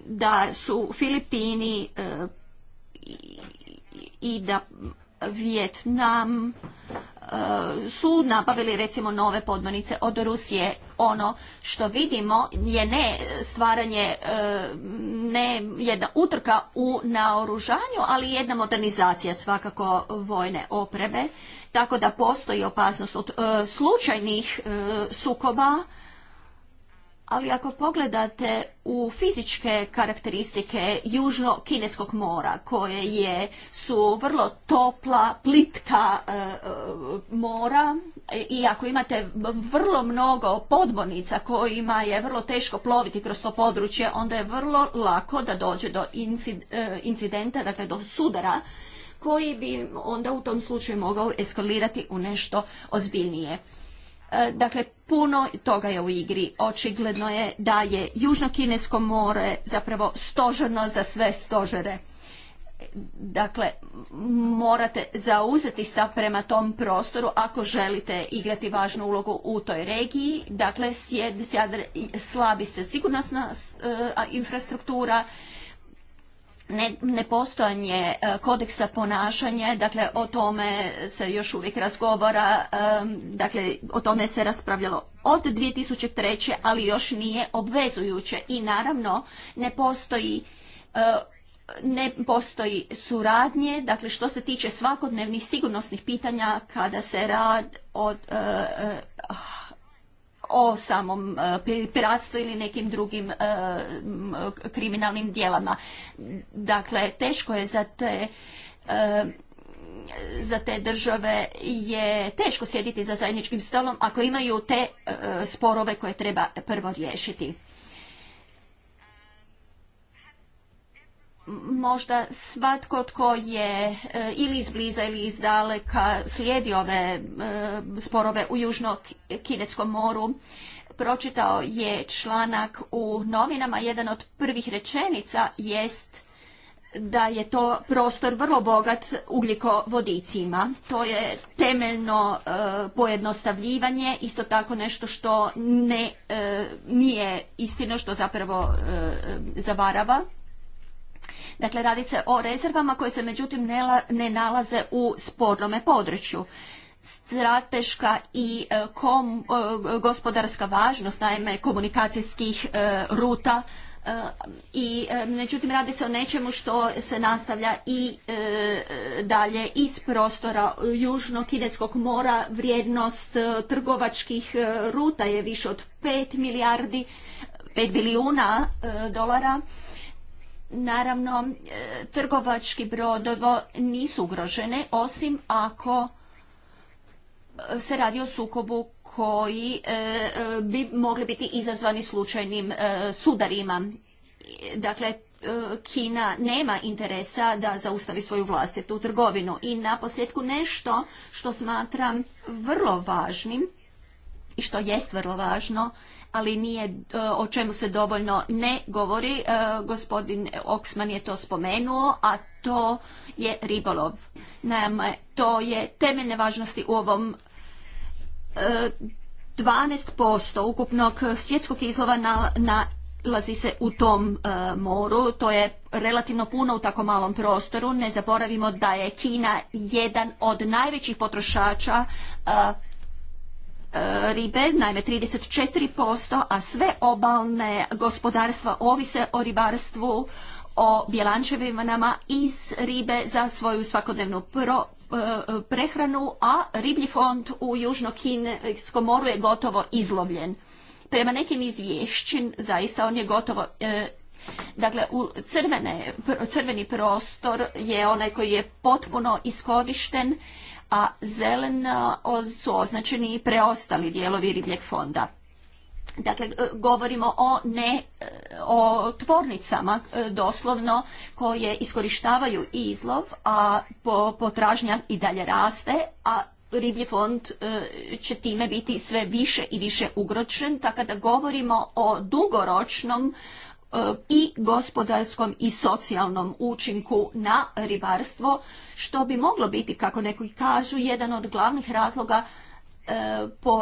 da su Filipini i da Vijetnam su nabavili recimo nove podmornice od Rusije. Ono što vidimo je ne stvaranje, e, ne jedna utrka u naoružanju, ali jedna modernizacija svakako vojne opreme, tako da postoji opasnost od e, slučajnih e, sukoba ali ako pogledate u fizičke karakteristike južno-kineskog mora, koje je, su vrlo topla, plitka e, e, mora, i ako imate vrlo mnogo podmornica kojima je vrlo teško ploviti kroz to područje, onda je vrlo lako da dođe do e, incidenta, dakle do sudara, koji bi onda u tom slučaju mogao eskalirati u nešto ozbiljnije. E, dakle, puno toga je u igri. Očigledno je da je Južno-Kinesko more zapravo stožerno za sve stožere. Dakle, morate zauzeti stav prema tom prostoru ako želite igrati važnu ulogu u toj regiji. Dakle, slabi se sigurnosna e, infrastruktura, nepostojanje e, kodeksa ponašanja, dakle o tome se još uvijek razgovara, e, dakle o tome se raspravljalo od 2003. ali još nije obvezujuće i naravno ne postoji e, ne postoji suradnje, dakle što se tiče svakodnevnih sigurnosnih pitanja kada se rad od o samom e, piratstvu ili nekim drugim e, kriminalnim dijelama. Dakle, teško je za te e, za te države je teško sjediti za zajedničkim stolom ako imaju te sporove koje treba prvo riješiti. možda svatko tko je e, ili izbliza ili izdaleka slijedi ove e, sporove u Južno-Kineskom moru pročitao je članak u novinama, jedan od prvih rečenica jest da je to prostor vrlo bogat ugljikovodicima. To je temeljno e, pojednostavljivanje, isto tako nešto što ne, nije istino, što zapravo zavarava Dakle, radi se o rezervama koje se međutim ne, nalaze u spornome području strateška i e, e, gospodarska važnost, naime komunikacijskih e, ruta i međutim radi se o nečemu što se nastavlja i dalje iz prostora južnog kineskog mora vrijednost trgovačkih ruta je više od 5 milijardi 5 bilijuna dolara Naravno, e, trgovački brodovo nisu ugrožene, osim ako e, se radi o sukobu koji e, bi mogli biti izazvani slučajnim sudarima. Dakle, Kina nema interesa da zaustavi svoju vlastitu trgovinu. I na posljedku nešto što smatram vrlo važnim i što jest vrlo važno ali nije e, o čemu se dovoljno ne govori. E, gospodin Oksman je to spomenuo, a to je ribolov. Naime, to je temeljne važnosti u ovom 12% e, ukupnog svjetskog izlova na, na nalazi se u tom moru. To je relativno puno u tako malom prostoru. Ne zaboravimo da je Kina jedan od najvećih potrošača ribe, naime 34%, a sve obalne gospodarstva ovise o ribarstvu, o bjelančevinama iz ribe za svoju svakodnevnu e, prehranu, a riblji fond u Južno-Kineskom moru je gotovo izlovljen. Prema nekim izvješćim, zaista on je gotovo e, Dakle, u crveni prostor je onaj koji je potpuno iskorišten a zeleno su označeni i preostali dijelovi ribljeg fonda. Dakle, govorimo o ne o tvornicama e, doslovno koje iskorištavaju izlov, a potražnja i dalje raste, a riblji fond e, će time biti sve više i više ugročen, tako da govorimo o dugoročnom E, i gospodarskom i socijalnom učinku na ribarstvo, što bi moglo biti, kako neki kažu, jedan od glavnih razloga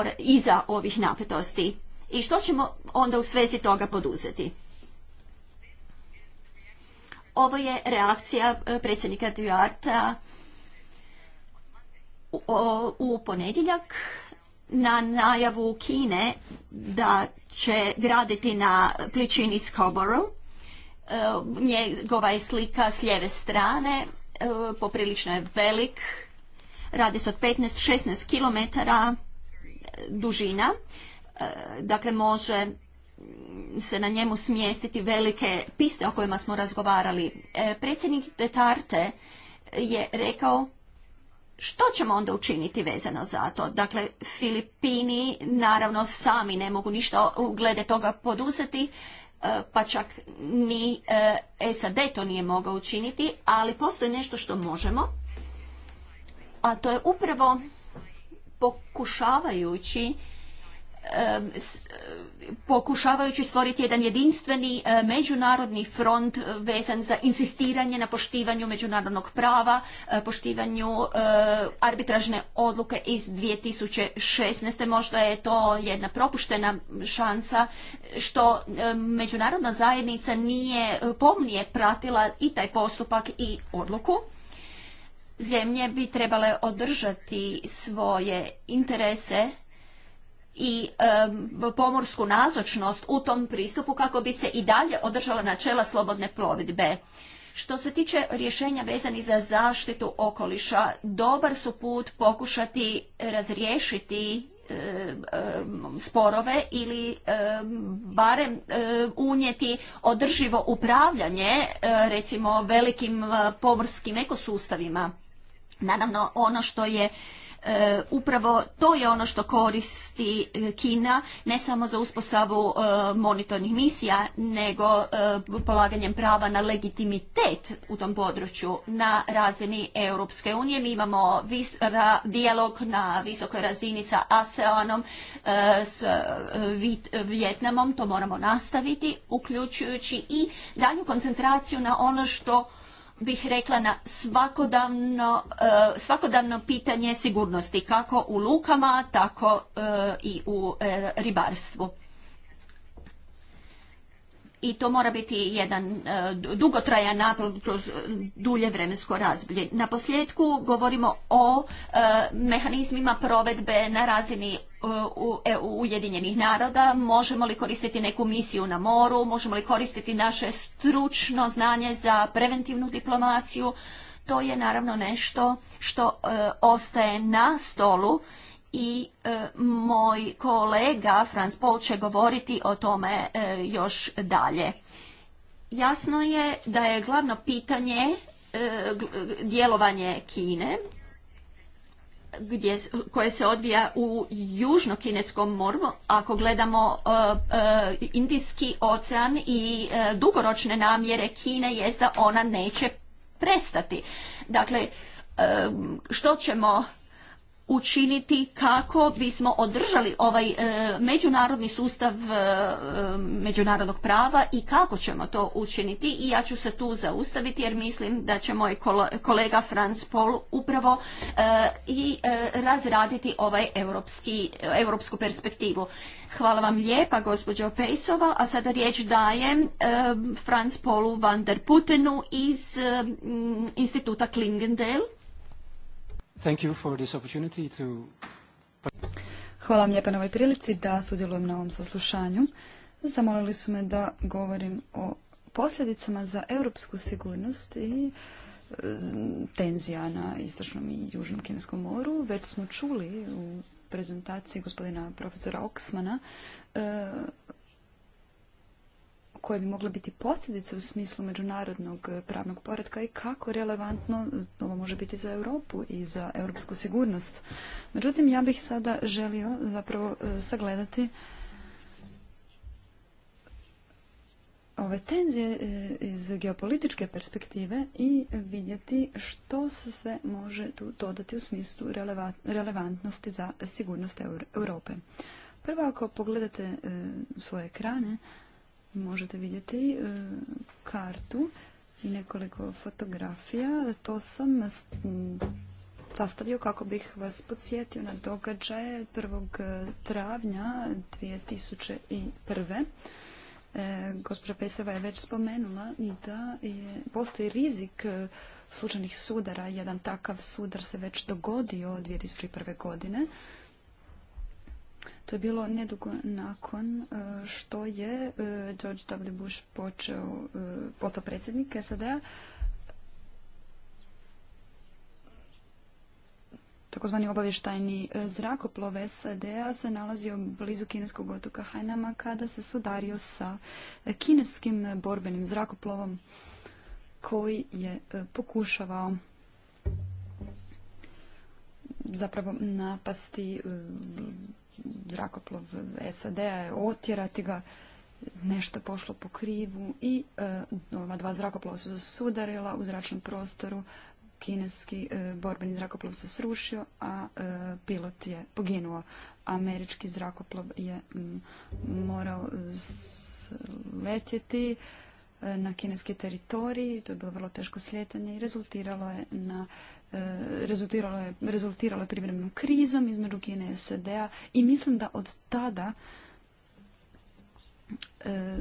e, iza ovih napetosti. I što ćemo onda u svezi toga poduzeti? Ovo je reakcija e, predsjednika Duarta u ponedjeljak na najavu Kine da će graditi na pličini Scoboru. E, njegova je slika s lijeve strane, e, poprilično je velik, radi se od 15-16 km e, dužina, dakle može se na njemu smjestiti velike piste o kojima smo razgovarali. Predsjednik Detarte je rekao što ćemo onda učiniti vezano za to? Dakle, Filipini naravno sami ne mogu ništa glede toga poduzeti, e, pa čak ni e, SAD to nije mogao učiniti, ali postoji nešto što možemo, a to je upravo pokušavajući Um, pokušavajući stvoriti jedan jedinstveni uh, međunarodni front uh, vezan za insistiranje na poštivanju međunarodnog prava, uh, poštivanju arbitražne odluke iz 2016. Možda je to jedna propuštena šansa što um, međunarodna zajednica nije pomnije pratila i taj postupak i odluku zemlje bi trebale održati svoje interese i pomorsku nazočnost u tom pristupu kako bi se i dalje održala načela slobodne plovidbe. Što se tiče rješenja vezanih za zaštitu okoliša, dobar su put pokušati razriješiti sporove ili barem unijeti održivo upravljanje e, recimo velikim pomorskim ekosustavima. Naravno, ono što je E, upravo to je ono što koristi e, Kina, ne samo za uspostavu e, monitornih misija, nego polaganjem prava na legitimitet u tom području na razini Europske unije. Mi imamo dijalog na visokoj razini sa ASEANom, s Vijetnamom, to moramo nastaviti, uključujući i dalju koncentraciju na ono što bih rekla na e, svakodavno, pitanje sigurnosti kako u lukama tako e, i u e, ribarstvu i to mora biti jedan dugotrajan napor kroz dulje vremensko razdoblje. Na posljedku govorimo o mehanizmima provedbe na razini E, Ujedinjenih naroda, možemo li koristiti neku misiju na moru, možemo li koristiti naše stručno znanje za preventivnu diplomaciju. To je naravno nešto što e, ostaje na stolu i e, moj kolega Franz Pol će govoriti o tome još dalje. Jasno je da je glavno pitanje djelovanje Kine gdje, koje se odvija u južno-kineskom moru, ako gledamo e, e, Indijski ocean i e, dugoročne namjere Kine je da ona neće prestati. Dakle, što ćemo učiniti kako bismo održali ovaj e, međunarodni sustav e, međunarodnog prava i kako ćemo to učiniti i ja ću se tu zaustaviti jer mislim da će moj kolega Franz Pol upravo e, i razraditi ovaj europski, europsku perspektivu. Hvala vam lijepa gospođo Pejsova, a sada riječ dajem Franz Polu van der Putenu iz mm, instituta Klingendel. Thank you for this opportunity Hvala vam lijepa na ovoj prilici da sudjelujem na ovom saslušanju. Zamolili su me da govorim o posljedicama za europsku sigurnost i e, tenzija na istočnom i južnom kineskom moru. Već smo čuli u prezentaciji gospodina profesora Oksmana e, koje bi mogle biti posljedice u smislu međunarodnog eh, pravnog poredka i kako relevantno ovo može biti za Europu i za europsku sigurnost. Međutim, ja bih sada želio zapravo eh, sagledati ove tenzije eh, iz geopolitičke perspektive i vidjeti što se sve može tu dodati u smislu relevantnosti za sigurnost Europe. Prvo, ako pogledate svoje ekrane, možete vidjeti e, kartu i nekoliko fotografija. To sam sastavio kako bih vas podsjetio na događaje 1. E, travnja 2001. E, gospođa Peseva je već spomenula da postoji rizik slučajnih sudara. Jedan takav sudar se već dogodio 2001. godine. To je bilo nedugo nakon e, što je e, George W. Bush počeo, e, postao predsjednik SAD-a. Takozvani obavještajni zrakoplov SAD-a se nalazio blizu kineskog otoka Hainama kada se sudario sa kineskim borbenim zrakoplovom koji je pokušavao zapravo napasti zrakoplov SAD-a je otjerati ga, nešto pošlo po krivu i e, ova dva zrakoplova su zasudarila u zračnom prostoru, kineski e, borbeni zrakoplov se srušio, a e, pilot je poginuo. Američki zrakoplov je morao letjeti na kineski teritorij, to je bilo vrlo teško slijetanje i rezultiralo je na rezultiralo je, rezultiralo privremenom krizom između Kine i SAD-a i mislim da od tada e,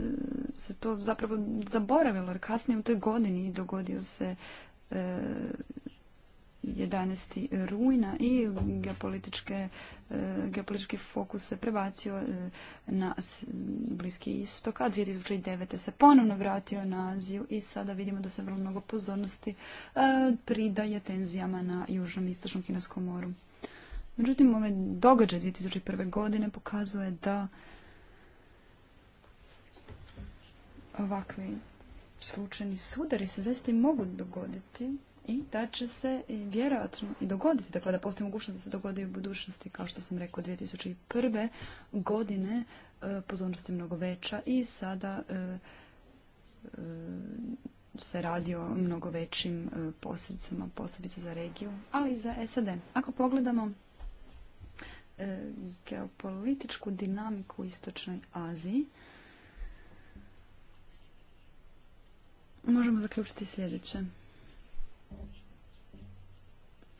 se to zapravo zaboravilo jer kasnije u toj godini dogodio se e, 11. rujna i geopolitičke, e, geopolitički fokus se prebacio e, na Bliski istok, a 2009. se ponovno vratio na Aziju i sada vidimo da se vrlo mnogo pozornosti e, pridaje tenzijama na južnom istočnom Kineskom moru. Međutim, ovaj događaj 2001. godine pokazuje da ovakvi slučajni sudari se zaista i mogu dogoditi i da će se e, vjerojatno i dogoditi, dakle da postoji mogućnost da se dogodi u budućnosti, kao što sam rekao, 2001. godine e, pozornost je mnogo veća i sada e, se radi o mnogo većim posljedicama, posebice za regiju, ali i za SAD. Ako pogledamo geopolitičku dinamiku u Istočnoj Aziji, možemo zaključiti sljedeće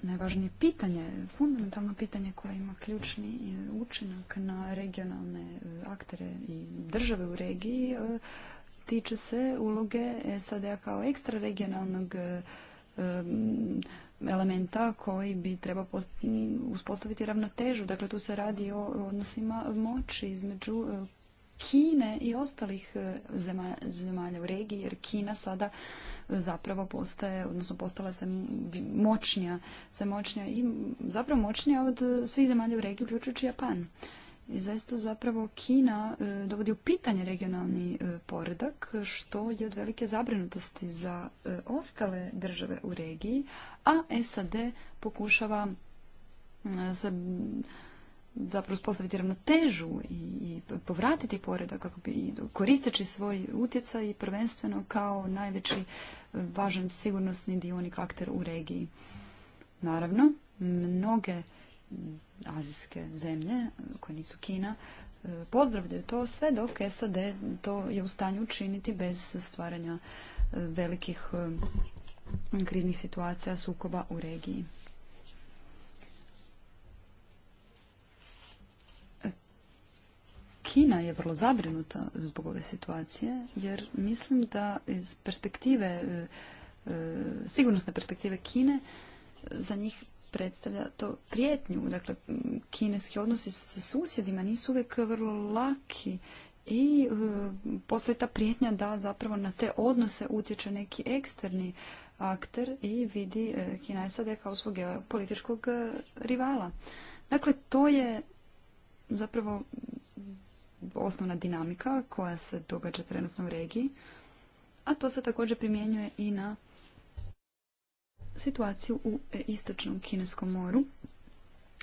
najvažnije pitanje, fundamentalno pitanje koje ima ključni e, učinak na regionalne e, aktere i države u regiji e, tiče se uloge SAD-a kao ekstra regionalnog elementa koji bi trebao uspostaviti ravnotežu. Dakle, tu se radi o odnosima moći između Kine i ostalih e, zemalja u regiji, jer Kina sada e, zapravo postaje, odnosno postala sve moćnija, sve moćnija i zapravo moćnija od svih zemalja u regiji, uključujući Japan. I zaista zapravo Kina e, dovodi u pitanje regionalni poredak, što je od velike zabrinutosti za ostale države u regiji, a SAD pokušava se zapravo uspostaviti ravnotežu i povratiti poredak kako bi koristeći svoj utjecaj i prvenstveno kao najveći e, važan sigurnosni dionik akter u regiji. Naravno, mnoge azijske zemlje koje nisu Kina e, pozdravljaju to sve dok SAD to je u stanju učiniti bez stvaranja e, velikih kriznih situacija sukoba u regiji. Kina je vrlo zabrinuta zbog ove situacije, jer mislim da iz perspektive, e, e, sigurnosne perspektive Kine, za njih predstavlja to prijetnju. Dakle, kineski odnosi sa susjedima nisu uvijek vrlo laki i e, postoji ta prijetnja da zapravo na te odnose utječe neki eksterni akter i vidi Kina SAD kao svog političkog rivala. Dakle, to je zapravo osnovna dinamika koja se događa trenutno u regiji, a to se također primjenjuje i na situaciju u istočnom kineskom moru,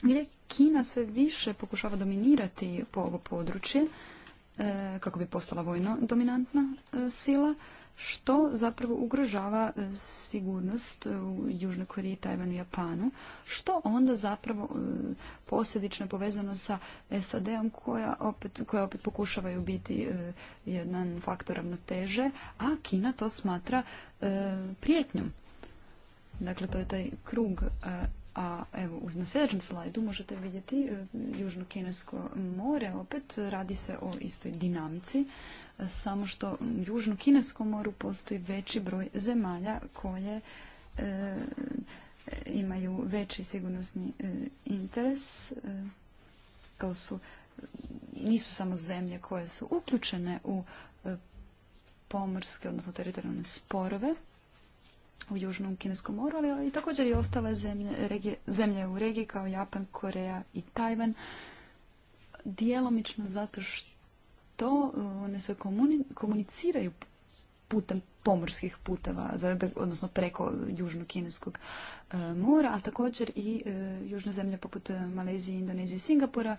gdje Kina sve više pokušava dominirati po ovo područje, e, kako bi postala vojno dominantna e, sila, što zapravo ugrožava e, sigurnost e, u Južnoj Koreji, Tajvanu i Japanu, što onda zapravo e, posljedično je povezano sa SAD-om koja opet, koja opet pokušavaju biti jedan faktor ravnoteže, a Kina to smatra prijetnjom. Dakle, to je taj krug a evo uz nasljedećem slajdu možete vidjeti Južno-Kinesko more, opet radi se o istoj dinamici samo što u južno kineskom moru postoji veći broj zemalja koje e, imaju veći sigurnosni e, interes. E, kao su, nisu samo zemlje koje su uključene u pomorske, odnosno teritorijalne sporove u Južnom Kineskom moru, ali i također i ostale zemlje, zemlje u regiji kao Japan, Koreja i Tajvan. Dijelomično zato što to, eh, one se komuniciraju putem pomorskih puteva, odnosno preko Južno-Kineskog eh, mora, a također i eh, južne zemlje poput Malezije, Indonezije i Singapura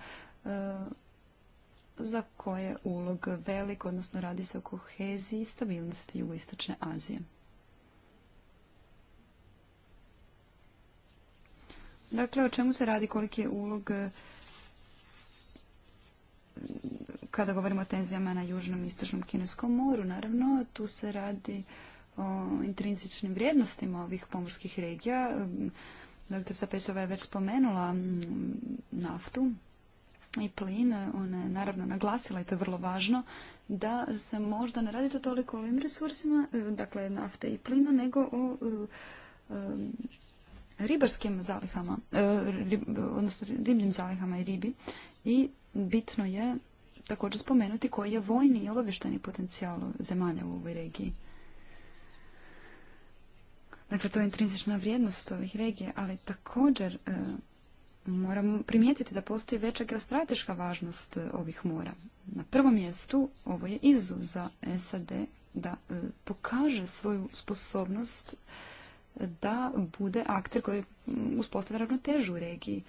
za koje ulog velik, odnosno radi se o koheziji i stabilnosti jugoistočne Azije. Dakle, o čemu se radi, koliki je ulog kada govorimo o tenzijama na južnom i istočnom kineskom moru, naravno, tu se radi o intrinsičnim vrijednostima ovih pomorskih regija. Dr. Sapecova je već spomenula mm, naftu i plin. Ona je naravno naglasila, i to je vrlo važno, da se možda ne radi to toliko o ovim resursima, e, dakle nafte i plina, nego o e, e, ribarskim zalihama, odnosno ribnim zalihama i ribi. I bitno je također spomenuti koji je vojni i obavješteni potencijal zemalja u ovoj regiji. Dakle, to je intrinzična vrijednost ovih regija, ali također e, moramo primijetiti da postoji veća geostrateška važnost e, ovih mora. Na prvom mjestu ovo je izazov za SAD da e, pokaže svoju sposobnost da bude akter koji uspostavlja ravnotežu u regiji.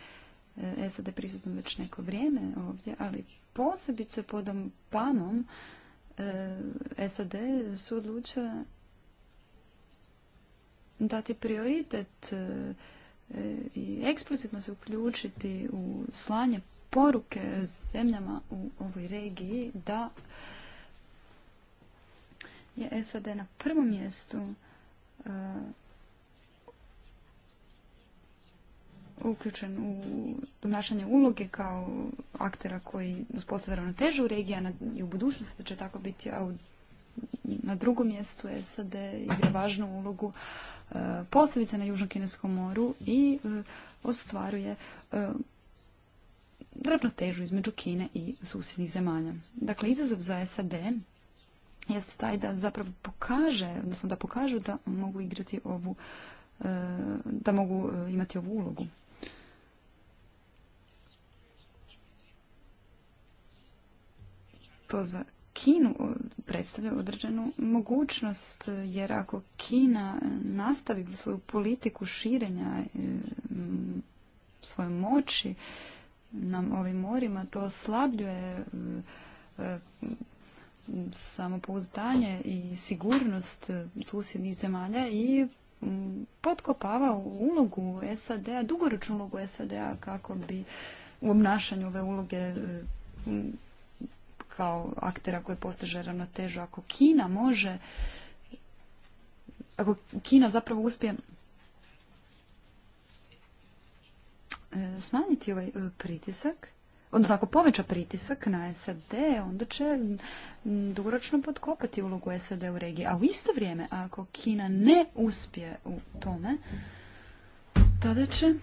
SAD je prisutno već neko vrijeme ovdje, ali posebice pod panom e, SAD su odlučile dati prioritet e, i eksplicitno se uključiti u slanje poruke zemljama u ovoj regiji da je SAD na prvom mjestu e, uključen u donašanje uloge kao aktera koji uspostavlja ravnotežu regija i u budućnosti će tako biti, a na drugom mjestu SAD igra važnu ulogu e, posebice na Južnom Kineskom moru i e, ostvaruje e, ravnotežu između Kine i susjednih zemalja. Dakle, izazov za SAD jest taj da zapravo pokaže, odnosno da pokažu da mogu igrati ovu e, da mogu imati ovu ulogu. to za Kinu predstavlja određenu mogućnost, jer ako Kina nastavi svoju politiku širenja e, svoje moći na ovim morima, to oslabljuje e, e, samopouzdanje i sigurnost susjednih zemalja i potkopava ulogu SAD-a, dugoročnu ulogu SAD-a kako bi u obnašanju ove uloge kao aktera koji postiže ravnotežu. Ako Kina može, ako Kina zapravo uspije e, smanjiti ovaj e, pritisak, odnosno ako poveća pritisak na SAD, onda će dugoročno podkopati ulogu SAD u regiji. A u isto vrijeme, ako Kina ne uspije u tome, tada će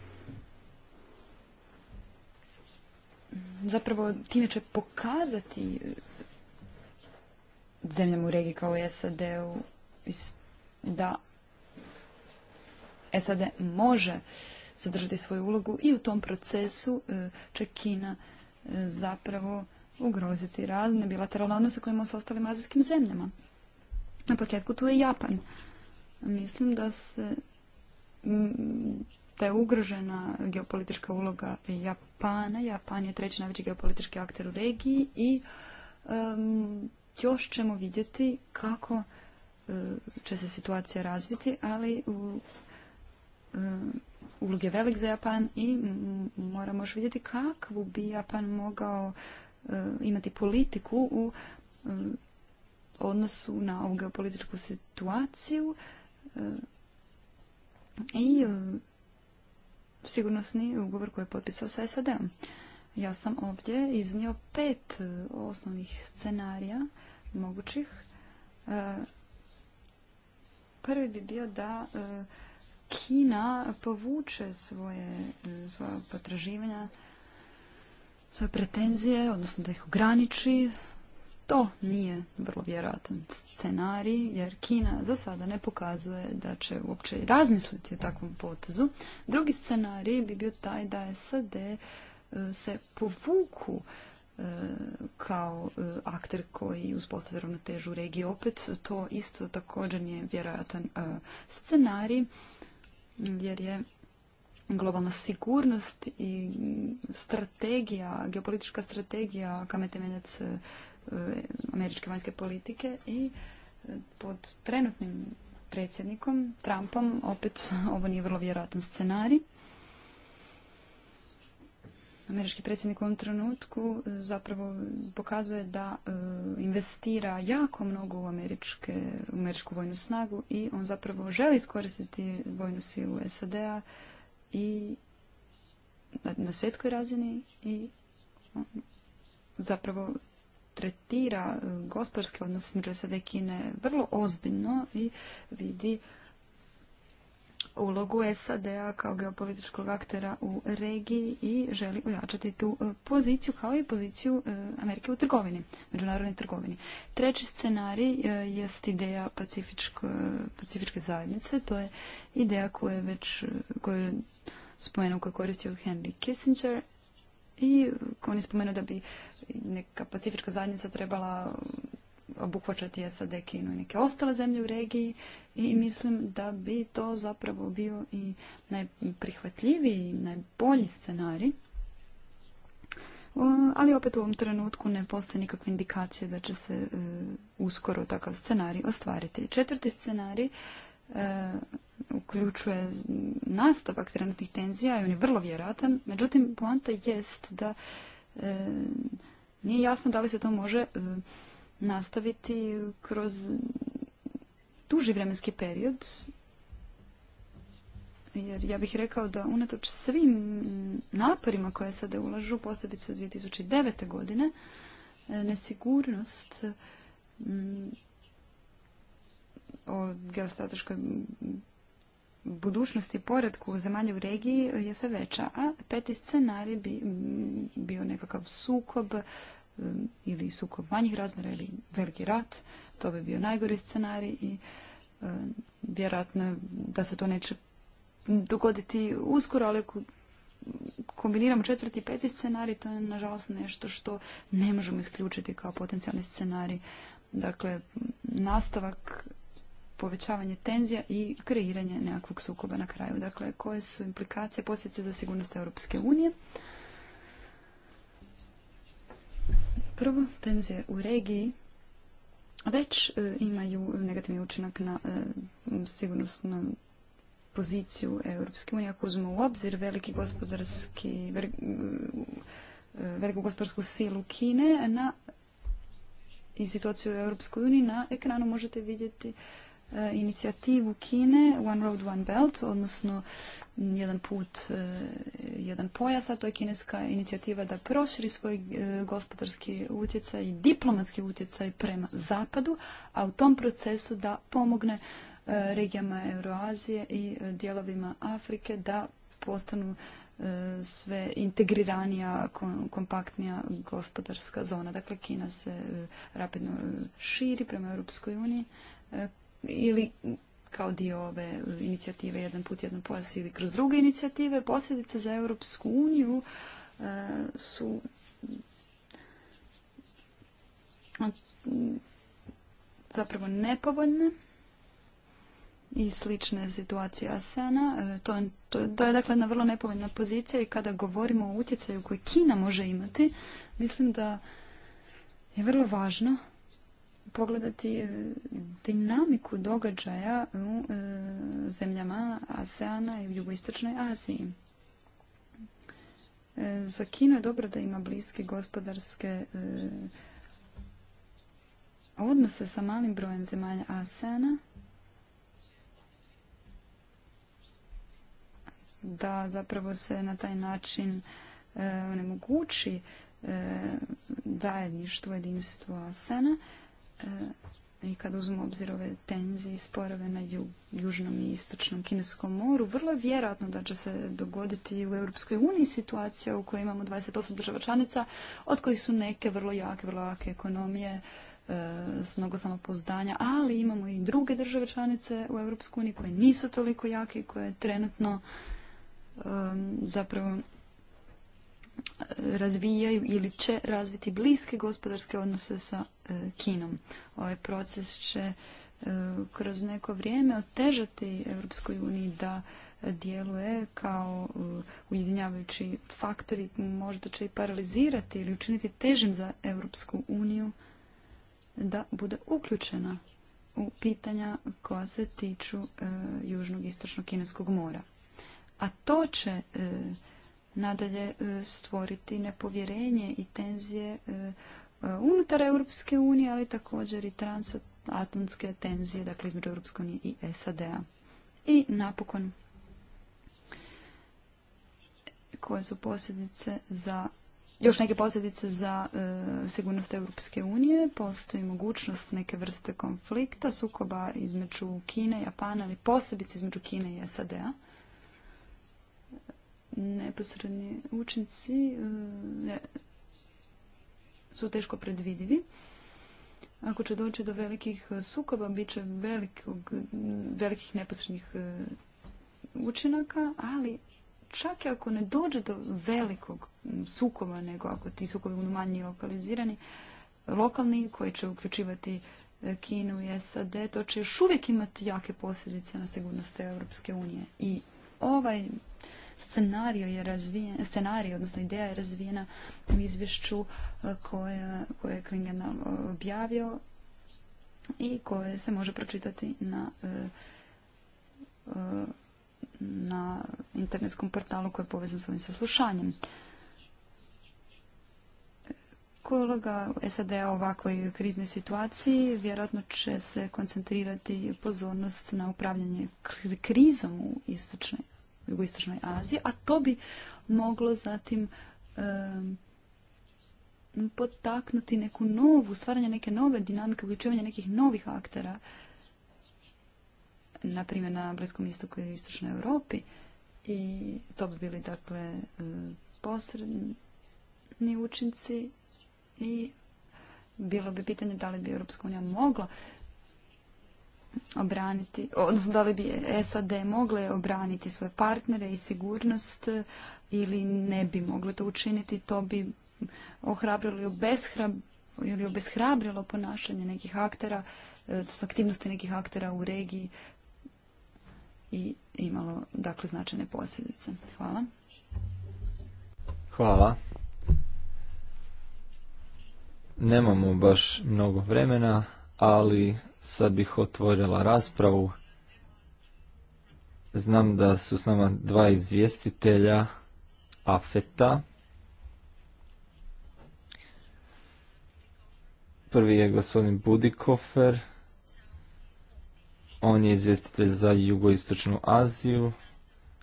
zapravo time će pokazati zemljama u regiji kao sad da SAD može zadržati svoju ulogu i u tom procesu e, će Kina e, zapravo ugroziti razne bilateralne odnose kojima se ostalim azijskim zemljama. Na posljedku tu je Japan. Mislim da se je ugrožena geopolitička uloga Japana. Japan je treći najveći geopolitički akter u regiji i još ćemo vidjeti kako e, će se situacija razviti, ali u e, ulog je velik za Japan i moramo još vidjeti kakvu bi Japan mogao e, imati politiku u odnosu na ovu geopolitičku situaciju i sigurnosni ugovor koji je potpisao sa SAD-om. Ja sam ovdje iznio pet e, osnovnih scenarija mogućih. E, prvi bi bio da e, Kina povuče svoje, svoje potraživanja, svoje pretenzije, odnosno da ih ograniči to nije vrlo vjerojatan scenarij, jer Kina za sada ne pokazuje da će uopće razmisliti o takvom potezu. Drugi scenarij bi bio taj da SAD e, se povuku e, kao e, akter koji uspostavlja ravnotežu regiju Opet to isto također nije vjerojatan scenarij, jer je globalna sigurnost i strategija, geopolitička strategija kamen temeljac E, američke vanjske politike i e, pod trenutnim predsjednikom Trumpom opet ovo nije vrlo vjerojatan scenarij. Američki predsjednik u ovom trenutku e, zapravo pokazuje da investira jako mnogo u, američke, američku vojnu snagu i on zapravo želi iskoristiti vojnu silu SAD-a i na svjetskoj razini i zapravo tretira e, gospodarske odnose između SAD Kine vrlo ozbiljno i vidi ulogu SAD-a kao geopolitičkog aktera u regiji i želi ojačati tu e, poziciju kao i poziciju e, Amerike u trgovini, međunarodnoj trgovini. Treći scenarij jest ideja pacifičke zajednice, to je ideja koja je već koju je koju je koristio Henry Kissinger i on je spomenuo da bi neka pacifička zajednica trebala obuhvaćati SAD, Kinu i neke ostale zemlje u regiji i mislim da bi to zapravo bio i najprihvatljiviji, najbolji scenarij. Ali opet u ovom trenutku ne postoje nikakve indikacije da će se e, uskoro takav scenarij ostvariti. Četvrti scenarij e, uključuje nastavak trenutnih tenzija i on je vrlo vjerojatan. Međutim, poanta jest da e, nije jasno da li se to može e, nastaviti kroz duži vremenski period. Jer ja bih rekao da unatoč svim naporima koje sada ulažu, posebice od 2009. godine, e, nesigurnost o geostrateškoj budućnosti poredku zemalja u regiji je sve veća, a peti scenarij bi bio nekakav sukob ili sukob manjih razmjera ili veliki rat, to bi bio najgori scenarij i e, vjerojatno da se to neće dogoditi uskoro, ali kombiniramo četvrti i peti scenarij, to je nažalost nešto što ne možemo isključiti kao potencijalni scenarij. Dakle, nastavak povećavanje tenzija i kreiranje nekakvog sukoba na kraju. Dakle, koje su implikacije, posljedice za sigurnost Europske unije? Prvo, tenzije u regiji već e, imaju negativni učinak na e, sigurnosnu poziciju Europske unije. Ako uzmemo u obzir veliki gospodarski, e, veliku gospodarsku silu Kine na i situaciju u Europskoj uniji na ekranu možete vidjeti E, inicijativu Kine One Road, One Belt, odnosno jedan put, e, jedan pojas, a to je kineska inicijativa da proširi svoj e, gospodarski utjecaj i diplomatski utjecaj prema zapadu, a u tom procesu da pomogne regijama Euroazije i dijelovima Afrike da postanu sve integriranija, kompaktnija gospodarska zona. Dakle, Kina se rapidno širi prema Europskoj uniji ili kao dio ove inicijative jedan put jedan pojas ili kroz druge inicijative posljedice za Europsku uniju e, su zapravo nepovoljne i slične situacije Asena. E, to, to, to je dakle jedna vrlo nepovoljna pozicija i kada govorimo o utjecaju koji Kina može imati, mislim da je vrlo važno pogledati e, dinamiku događaja u e, zemljama ASEANA i u jugoistočnoj Aziji. E, za Kino je dobro da ima bliske gospodarske odnose sa malim brojem zemalja ASEANA, da zapravo se na taj način onemogući zajedništvo, jedinstvo ASEANA, i kad uzmemo obzir ove tenzije i sporove na južnom i istočnom kineskom moru, vrlo je vjerojatno da će se dogoditi u Europskoj uniji situacija u kojoj imamo 28 država članica, od kojih su neke vrlo jake, vrlo jake ekonomije, e, s mnogo samopouzdanja, ali imamo i druge države članice u Europskoj uniji koje nisu toliko jake i koje trenutno e, zapravo razvijaju ili će razviti bliske gospodarske odnose sa e, Kinom. Ovaj proces će e, kroz neko vrijeme otežati Europskoj uniji da e, djeluje kao ujedinjavajući faktori, možda će i paralizirati ili učiniti težim za Europsku uniju da bude uključena u pitanja koja se tiču Južnog južnog istočnog kineskog mora. A to će nadalje e, stvoriti nepovjerenje i tenzije e, e, unutar Europske unije, ali također i transatlantske tenzije, dakle između Europske unije i SAD-a. I napokon, koje su posljedice za još neke posljedice za sigurnost Europske unije. Postoji mogućnost neke vrste konflikta, sukoba između Kine, Japana ali posebice između Kine i SAD-a neposredni učinci e, su teško predvidivi. Ako će doći do velikih sukoba, bit će velikog, velikih neposrednih e, učinaka, ali čak i ako ne dođe do velikog sukoba, nego ako ti sukobi budu manje lokalizirani, lokalni koji će uključivati e, Kinu i SAD, to će još uvijek imati jake posljedice na sigurnost Europske unije. I ovaj Scenario je razvijen, scenarij, odnosno ideja je razvijena u izvješću e, koje, je Klingen e, objavio i koje se može pročitati na e, na internetskom portalu koji je povezan s ovim saslušanjem. Kolega SAD-a u ovakvoj kriznoj situaciji vjerojatno će se koncentrirati pozornost na upravljanje krizom u istočnoj jugoistočnoj Aziji, a to bi moglo zatim potaknuti neku novu, stvaranje neke nove dinamike, uključivanje nekih novih aktera, na primjer na Bliskom istoku i Istočnoj Europi. I to bi bili, dakle, posredni učinci i bilo bi pitanje da li bi Europska unija mogla obraniti, odnosno da li bi SAD mogle obraniti svoje partnere i sigurnost e, ili ne bi mogle to učiniti, to bi ohrabrilo ili, obeshrabrilo ponašanje nekih aktera, e, to su aktivnosti nekih aktera u regiji i imalo dakle značajne posljedice. Hvala. Hvala. Nemamo baš mnogo vremena ali sad bih otvorila raspravu. Znam da su s nama dva izvjestitelja AFETA. Prvi je gospodin Budikofer. On je izvjestitelj za jugoistočnu Aziju.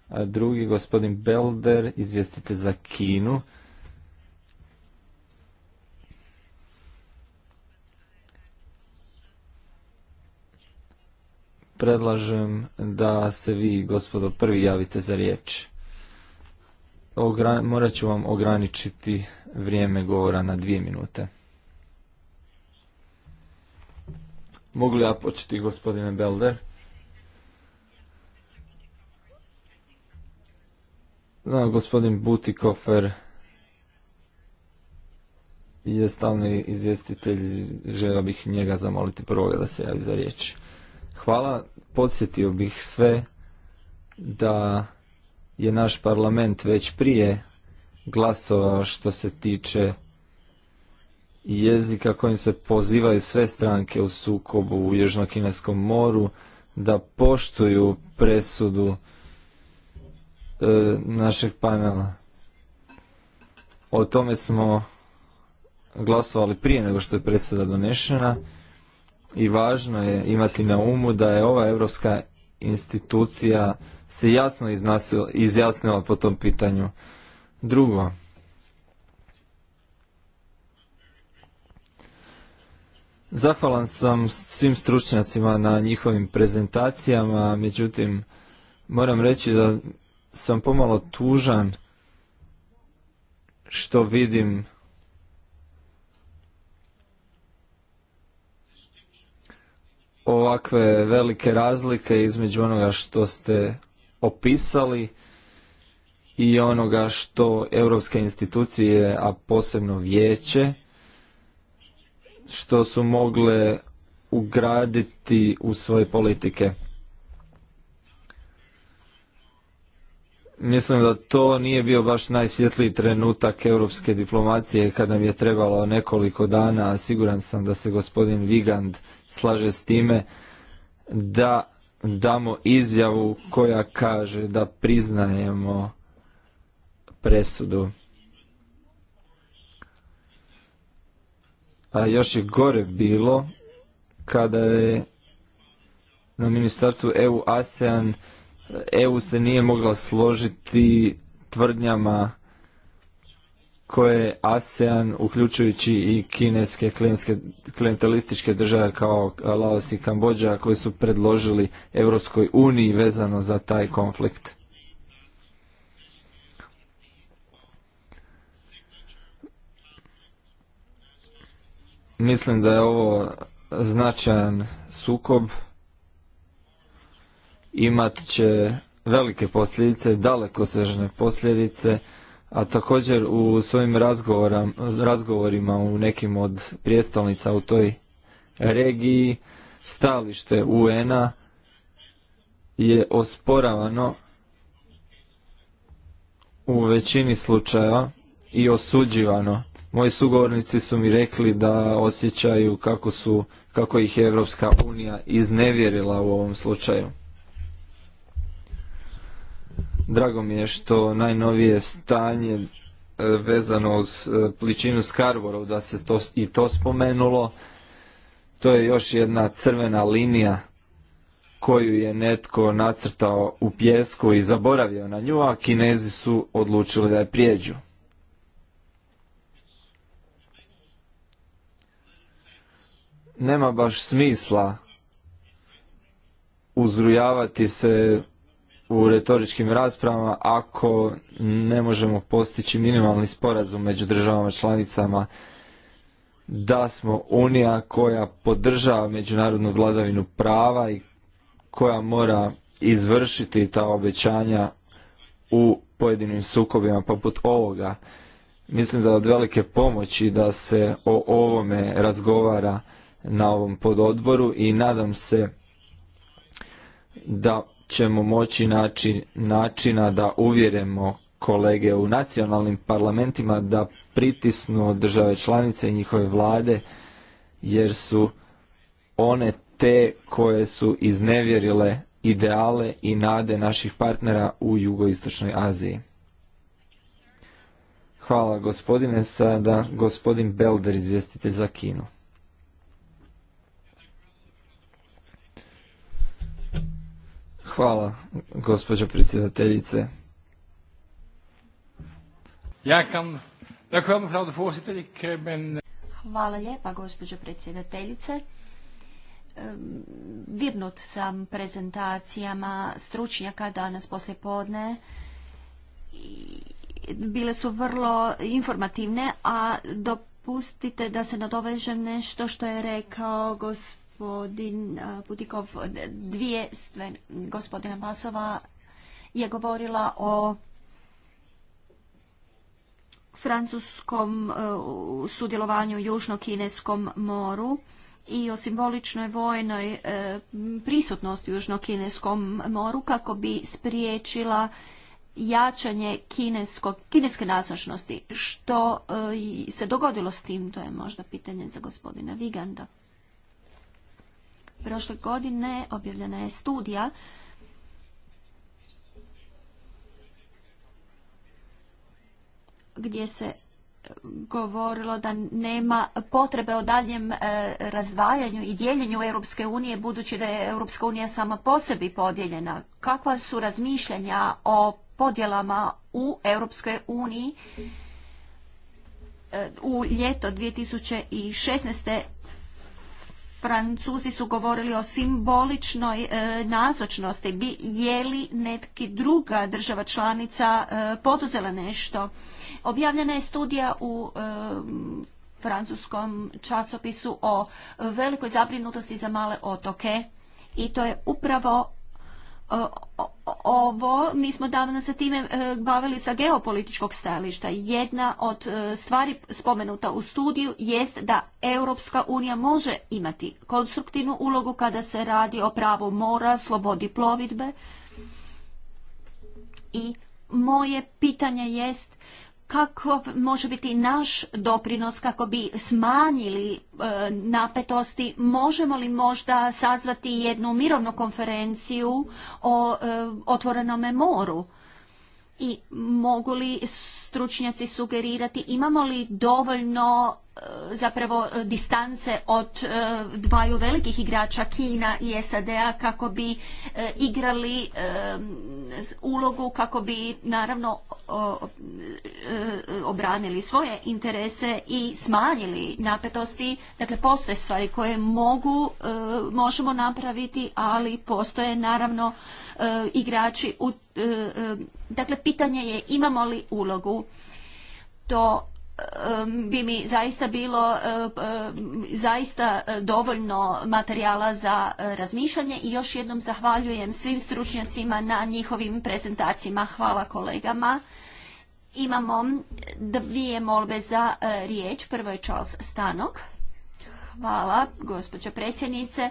A drugi gospodin Belder, izvjestitelj za Kinu. predlažem da se vi, gospodo, prvi javite za riječ. morat ću vam ograničiti vrijeme govora na dvije minute. Mogu li ja početi, gospodine Belder? Da, gospodin Butikofer je stalni izvjestitelj, želio bih njega zamoliti prvoga da se javi za riječ. Hvala, podsjetio bih sve da je naš parlament već prije glasovao što se tiče jezika kojim se pozivaju sve stranke u sukobu u Južnokineskom moru da poštuju presudu e, našeg panela. O tome smo glasovali prije nego što je presuda donešena i važno je imati na umu da je ova europska institucija se jasno izjasnila po tom pitanju. Drugo, Zahvalan sam svim stručnjacima na njihovim prezentacijama, međutim moram reći da sam pomalo tužan što vidim ovakve velike razlike između onoga što ste opisali i onoga što europske institucije, a posebno vijeće, što su mogle ugraditi u svoje politike. Mislim da to nije bio baš najsvjetliji trenutak europske diplomacije kad nam je trebalo nekoliko dana, a siguran sam da se gospodin Vigand slaže s time da damo izjavu koja kaže da priznajemo presudu. A još je gore bilo kada je na ministarstvu EU ASEAN EU se nije mogla složiti tvrdnjama koje ASEAN, uključujući i kineske klientelističke države kao Laos i Kambođa, koje su predložili Europskoj uniji vezano za taj konflikt. Mislim da je ovo značajan sukob. Imat će velike posljedice, daleko sežne posljedice a također u svojim razgovorima u nekim od prijestolnica u toj regiji stalište UN-a je osporavano u većini slučajeva i osuđivano. Moji sugovornici su mi rekli da osjećaju kako, su, kako ih je Evropska unija iznevjerila u ovom slučaju. Drago mi je što najnovije stanje e, vezano uz pličinu e, Skarborov, da se to, i to spomenulo. To je još jedna crvena linija koju je netko nacrtao u pjesku i zaboravio na nju, a kinezi su odlučili da je prijeđu. Nema baš smisla uzrujavati se u mm. retoričkim raspravama ako ne možemo postići minimalni sporazum među državama članicama da smo unija koja podržava međunarodnu vladavinu prava i koja mora izvršiti ta obećanja u pojedinim sukobima poput ovoga. Mislim da je od velike pomoći da se o ovome razgovara na ovom pododboru i nadam se da ćemo moći naći načina da uvjerimo kolege u nacionalnim parlamentima da pritisnu države članice i njihove vlade jer su one te koje su iznevjerile ideale i nade naših partnera u jugoistočnoj Aziji. Hvala gospodine, sada gospodin Belder izvjestitelj za Kinu. Hvala, gospođo predsjedateljice. Ja kam... Dakle, Hvala lijepa, gospođo predsjedateljice. Dirnut sam prezentacijama stručnjaka danas poslije podne. Bile su vrlo informativne, a dopustite da se nadovežem nešto što je rekao gospodin gospodin Putikov, dvije stve gospodina Pasova je govorila o francuskom e, sudjelovanju u Južno-Kineskom moru i o simboličnoj vojnoj e, prisutnosti u Južno-Kineskom moru kako bi spriječila jačanje kineske nazočnosti. Što e, se dogodilo s tim? To je možda pitanje za gospodina Viganda. Prošle godine objavljena je studija gdje se e, govorilo da nema potrebe o daljem e, razdvajanju i dijeljenju Europske unije budući da je Europska unija sama po sebi podijeljena. Kakva su razmišljanja o podjelama u Europskoj uniji e, u ljeto 2016. Francuzi su govorili o simboličnoj e, nazočnosti. Bi je li neki druga država članica e, poduzela nešto? Objavljena je studija u e, francuskom časopisu o velikoj zabrinutosti za male otoke i to je upravo ovo, mi smo davno se time e, bavili sa geopolitičkog stajališta. Jedna od e, stvari spomenuta u studiju jest da Europska unija može imati konstruktivnu ulogu kada se radi o pravu mora, slobodi plovidbe. I moje pitanje jest kako može biti naš doprinos kako bi smanjili e, napetosti možemo li možda sazvati jednu mirovnu konferenciju o otvorenom otvorenome moru i mogu li stručnjaci sugerirati imamo li dovoljno zapravo e, distance od e, dvaju velikih igrača Kina i SAD-a kako bi e, igrali ulogu, kako bi naravno obranili svoje interese i smanjili napetosti. Dakle, postoje stvari koje mogu, možemo napraviti, ali postoje naravno igrači u Dakle, pitanje je imamo li ulogu. To bi mi zaista bilo zaista e, dovoljno materijala za e, razmišljanje i još jednom zahvaljujem svim stručnjacima na njihovim prezentacijama. Hvala kolegama. Imamo dvije molbe za e, riječ. Prvo je Charles Stanok. Hvala, gospođo predsjednice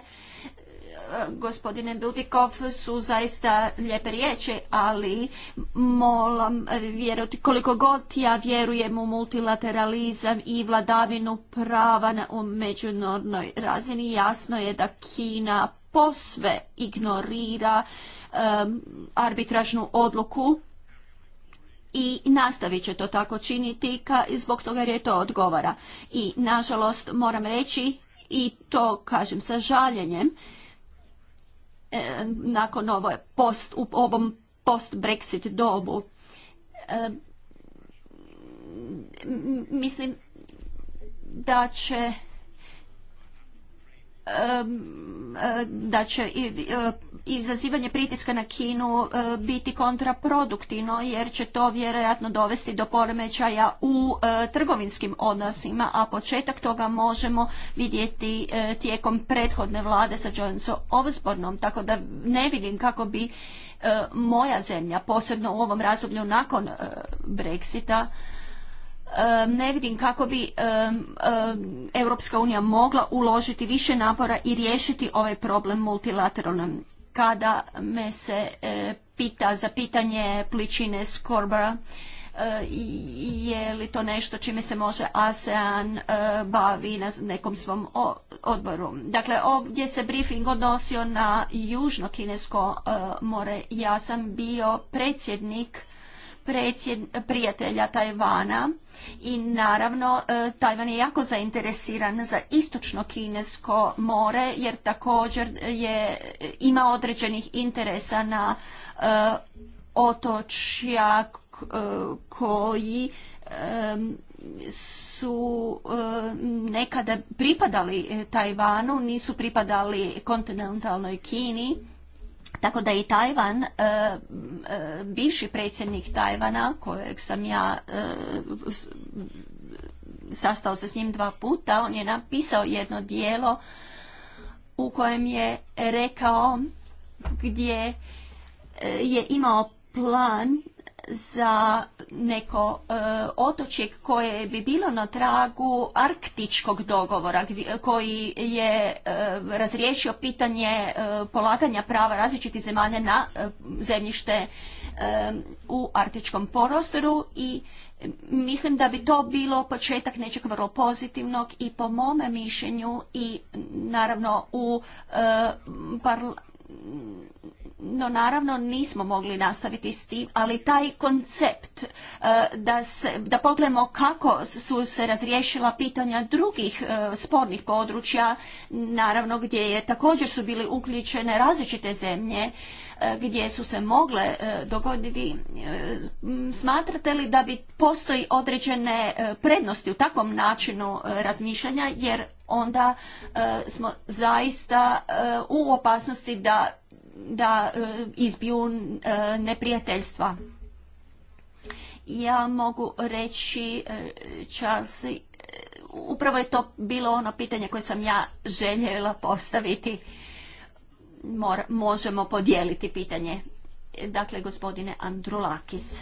gospodine Dudikov su zaista lijepe riječi, ali molam vjerovati koliko god ja vjerujem u multilateralizam i vladavinu prava na u međunarodnoj razini, jasno je da Kina posve ignorira arbitražnu odluku i nastavit će to tako činiti i zbog toga jer je to odgovara. I nažalost moram reći i to kažem sa žaljenjem E, nakon ovo post, u ovom post-Brexit dobu. E, mislim da će E, da će e, izazivanje pritiska na Kinu e, biti kontraproduktivno jer će to vjerojatno dovesti do poremećaja u trgovinskim odnosima, a početak toga možemo vidjeti tijekom prethodne vlade sa Johnson Osbornom, tako da ne vidim kako bi moja zemlja, posebno u ovom razdoblju nakon Brexita, ne vidim kako bi Europska unija mogla uložiti više napora i riješiti ovaj problem multilateralnom. Kada me se e, pita za pitanje pličine skorbara, e, je li to nešto čime se može ASEAN e, bavi na nekom svom odboru. Dakle, ovdje se briefing odnosio na Južno Kinesko more. Ja sam bio predsjednik prijatelja Tajvana i naravno e, Tajvan je jako zainteresiran za istočno kinesko more jer također je, ima određenih interesa na e, otočja e, koji su nekada pripadali Tajvanu, nisu pripadali kontinentalnoj Kini tako da i Tajvan, e, e, bivši predsjednik Tajvana, kojeg sam ja e, sastao se s njim dva puta, on je napisao jedno dijelo u kojem je rekao gdje je imao plan za neko e, otočje koje bi bilo na tragu arktičkog dogovora koji je e, razriješio pitanje e, polaganja prava različitih zemalja na e, zemljište u arktičkom prostoru i mislim da bi to bilo početak nečeg vrlo pozitivnog i po mome mišljenju i naravno u no naravno nismo mogli nastaviti s tim, ali taj koncept e, da, se, da pogledamo kako su se razriješila pitanja drugih e, spornih područja, naravno gdje je također su bili uključene različite zemlje, e, gdje su se mogle dogoditi. Smatrate li da bi postoji određene prednosti u takvom načinu razmišljanja jer onda smo zaista u opasnosti da da e, izbiju e, neprijateljstva. Ja mogu reći, e, Charles, upravo je to bilo ono pitanje koje sam ja željela postaviti. možemo podijeliti pitanje. Dakle, gospodine Andrulakis.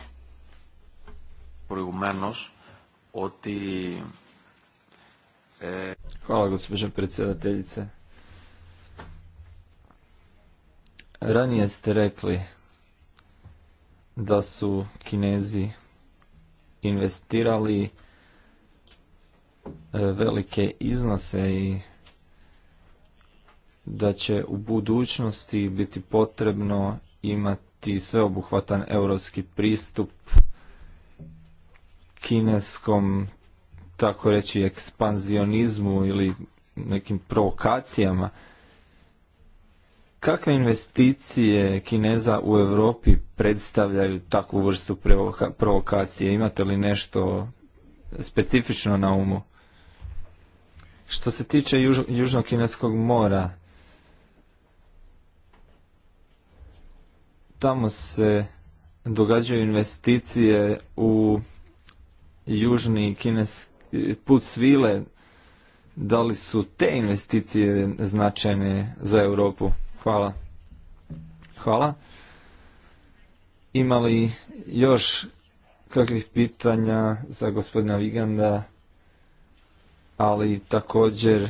Hvala, gospođa predsjedateljice. Ranije ste rekli da su Kinezi investirali e, velike iznose i da će u budućnosti biti potrebno imati sveobuhvatan europski pristup kineskom tako reći ekspanzionizmu ili nekim provokacijama Kakve investicije Kineza u Europi predstavljaju takvu vrstu provokacije? Imate li nešto specifično na umu? Što se tiče Južnog Kineskog mora, tamo se događaju investicije u Južni Kineski put svile. Da li su te investicije značajne za Europu? Hvala. Hvala. Ima li još kakvih pitanja za gospodina Viganda, ali također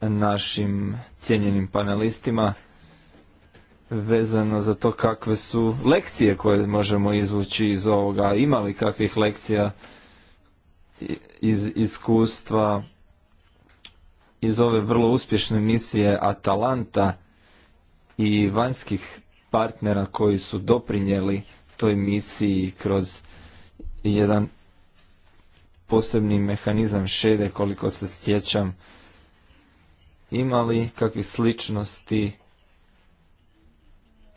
našim cijenjenim panelistima vezano za to kakve su lekcije koje možemo izvući iz ovoga, ima li kakvih lekcija iz iskustva iz ove vrlo uspješne misije Atalanta i vanjskih partnera koji su doprinijeli toj misiji kroz jedan posebni mehanizam šede koliko se sjećam imali kakvi sličnosti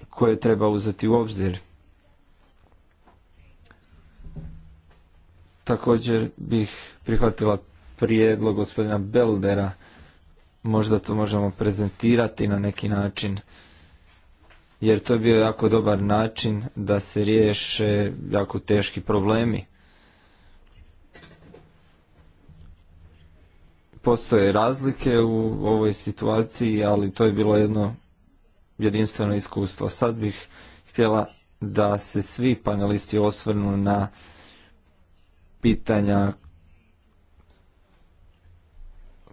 koje treba uzeti u obzir. Također bih prihvatila prijedlog gospodina Beldera, možda to možemo prezentirati na neki način jer to je bio jako dobar način da se riješe jako teški problemi. Postoje razlike u ovoj situaciji, ali to je bilo jedno jedinstveno iskustvo. Sad bih htjela da se svi panelisti osvrnu na pitanja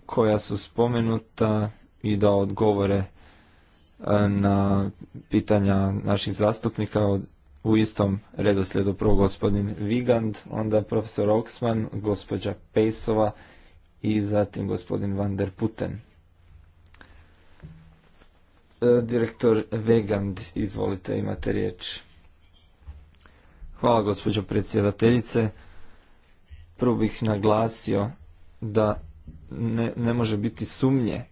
koja su spomenuta i da odgovore na pitanja naših zastupnika u istom redoslijedu prvo gospodin Vigand, onda profesor Oksman, gospođa Pejsova i zatim gospodin Van der Putten. E, direktor Vegand, izvolite, imate riječ. Hvala gospođo predsjedateljice. Prvo bih naglasio da ne može biti sumnje